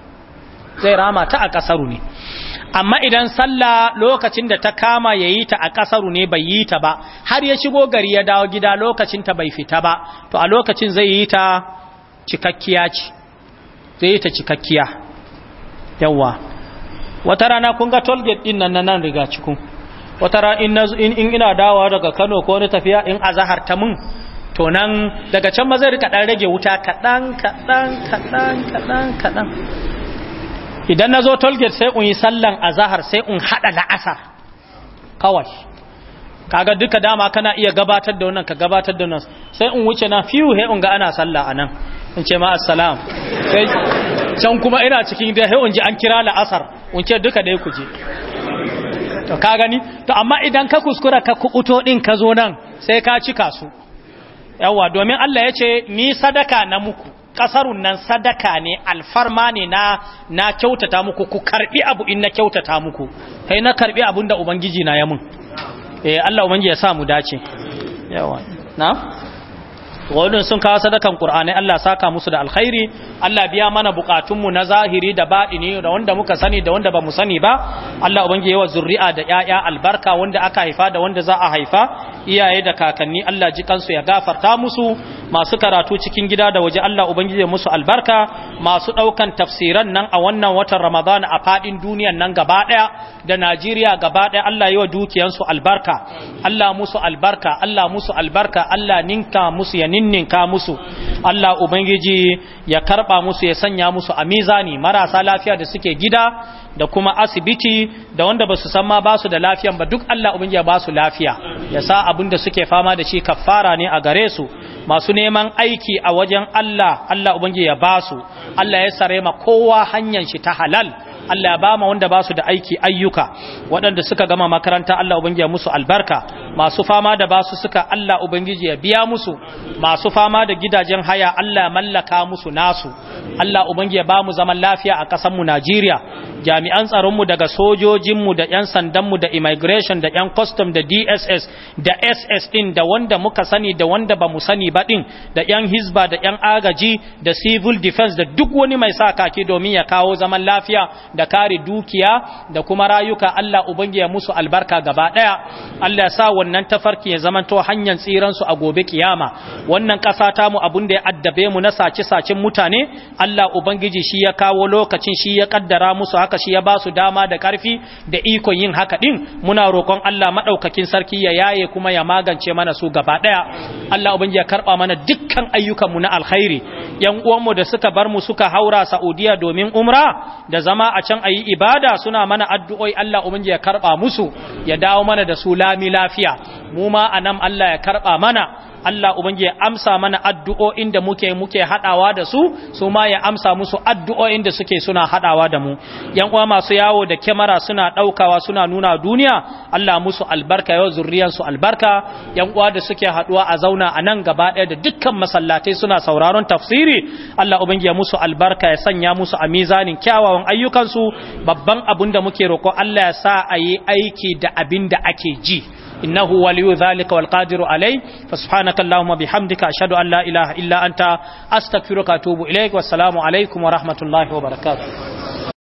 zai rama ta a kasaru ne amma idan sallah lokacin da ta kama ya yi ta a ƙasaru ne bai yi ta ba har ya shigo gari ya dawo gida lokacin ta bai fita ba to a lokacin zai yi ta cikakkiya ce zai yi ta cikakkiya yawa wata rana kun ga tolgate din nan nan riga cikin wata rana in ina dawa daga kano ko wani tafiya in azahar ta mun to nan daga can rika ɗan rage wuta kaɗan kaɗan kaɗan kaɗan kaɗan idan na zo tolgate sai in yi sallan zahar sai in haɗa la'asar kawai kaga duka dama kana iya gabatar da wannan ka gabatar da wannan sai in wuce na fiyu he in ga ana sallah a nan in ce ma assalam sai can kuma ina cikin da he in ji an kira la'asar in ce duka dai ku je to ka gani to amma idan ka kuskura ka kubuto din ka zo nan sai ka cika su yawa domin Allah ya ce ni sadaka na muku Kasarun nan sadaka ne alfarma ne na na kyautata muku ku karbi abu in na kyautata muku kai na karbi abun da ubangiji na ya mun eh Allah ubangiji ya sa mu dace yawa na'am wadun sun kawo sadakan qur'ani Allah saka musu da alkhairi Allah biya mana bukatunmu na zahiri da baɗini da wanda muka sani da wanda mu sani ba Allah ubangiji yawa zuri'a da yaya albarka wanda aka haifa da wanda za a haifa iyaye da kakanni Allah ji kansu ya gafarta musu masu karatu cikin gida da waje Allah ya musu albarka masu ɗaukan tafsiran nan a wannan watan Ramadan a fadin duniyan nan gaba daya da Najeriya gaba daya Allah yawa dukiyansu albarka Allah musu albarka Allah musu albarka Allah ninka musu ya ninka musu Allah ubangiji ya karba musu ya sanya musu a mizani marasa lafiya da suke gida da kuma asibiti da wanda basu san ma basu da lafiyan ba duk Allah ubangiji ya basu lafiya ya sa abin da suke fama da shi kaffara ne a gare su masu neman aiki a wajen Allah Allah ubangiji ya basu Allah ya sare ma kowa hanyar shi ta halal Allah ya ba ma wanda ba su da aiki ayyuka waɗanda suka gama makaranta Allah ubangiji ya musu albarka masu fama da basu suka Allah ubangiji ya biya musu masu fama da gidajen haya Allah ya mallaka musu nasu Allah ubangiji ya ba mu zaman lafiya a ƙasar mu Najeriya jami'an tsaron mu daga sojojin mu da yan sandan mu da immigration da yan custom da DSS da SS din da wanda muka sani da wanda ba mu sani ba din da yan hisba da yan agaji da civil defense da duk wani mai sa kaki domin ya kawo zaman lafiya da kare dukiya da kuma rayuka Allah ubangiji ya musu albarka gaba daya Allah ya sa wannan tafarki ya zamanto hanyar tsiransu a gobe kiyama wannan ƙasa ta mu abun da ya addabe mu na sace-sacen mutane Allah ubangiji shi ya kawo lokacin shi ya kaddara musu haka shi ya ba su dama da ƙarfi da ikon yin haka din muna roƙon Allah madaukakin sarki ya yaye kuma ya magance mana su gaba ɗaya Allah ubangiji ya karɓa mana dukkan ayyukan mu na alkhairi yan uwanmu da suka bar mu suka haura Saudiya domin umra da zama a can ayi ibada suna mana addu'o'i Allah ubangiji ya karɓa musu ya dawo mana da su lami lafiya lafiya mu ma anan Allah ya karba mana Allah ubangi ya amsa mana addu'o'in da muke muke hadawa da su su ma ya amsa musu addu'o'in da suke suna hadawa da mu yan uwa masu yawo da kyamara suna daukawa suna nuna duniya Allah musu albarka yau zurriyan su albarka yan uwa da suke haduwa a zauna anan gaba ɗaya da dukkan masallatai suna sauraron tafsiri Allah ubangi ya musu albarka ya sanya musu a mizanin kyawawan ayyukansu babban abin da muke roko Allah ya sa a yi aiki da abin da ake ji innahu waliyu zalika wal qadiru alai fa subhanaka allahumma bihamdika ashhadu an ilaha illa anta astaghfiruka wa atubu ilaik wassalamu alaikum wa rahmatullahi wa barakatu.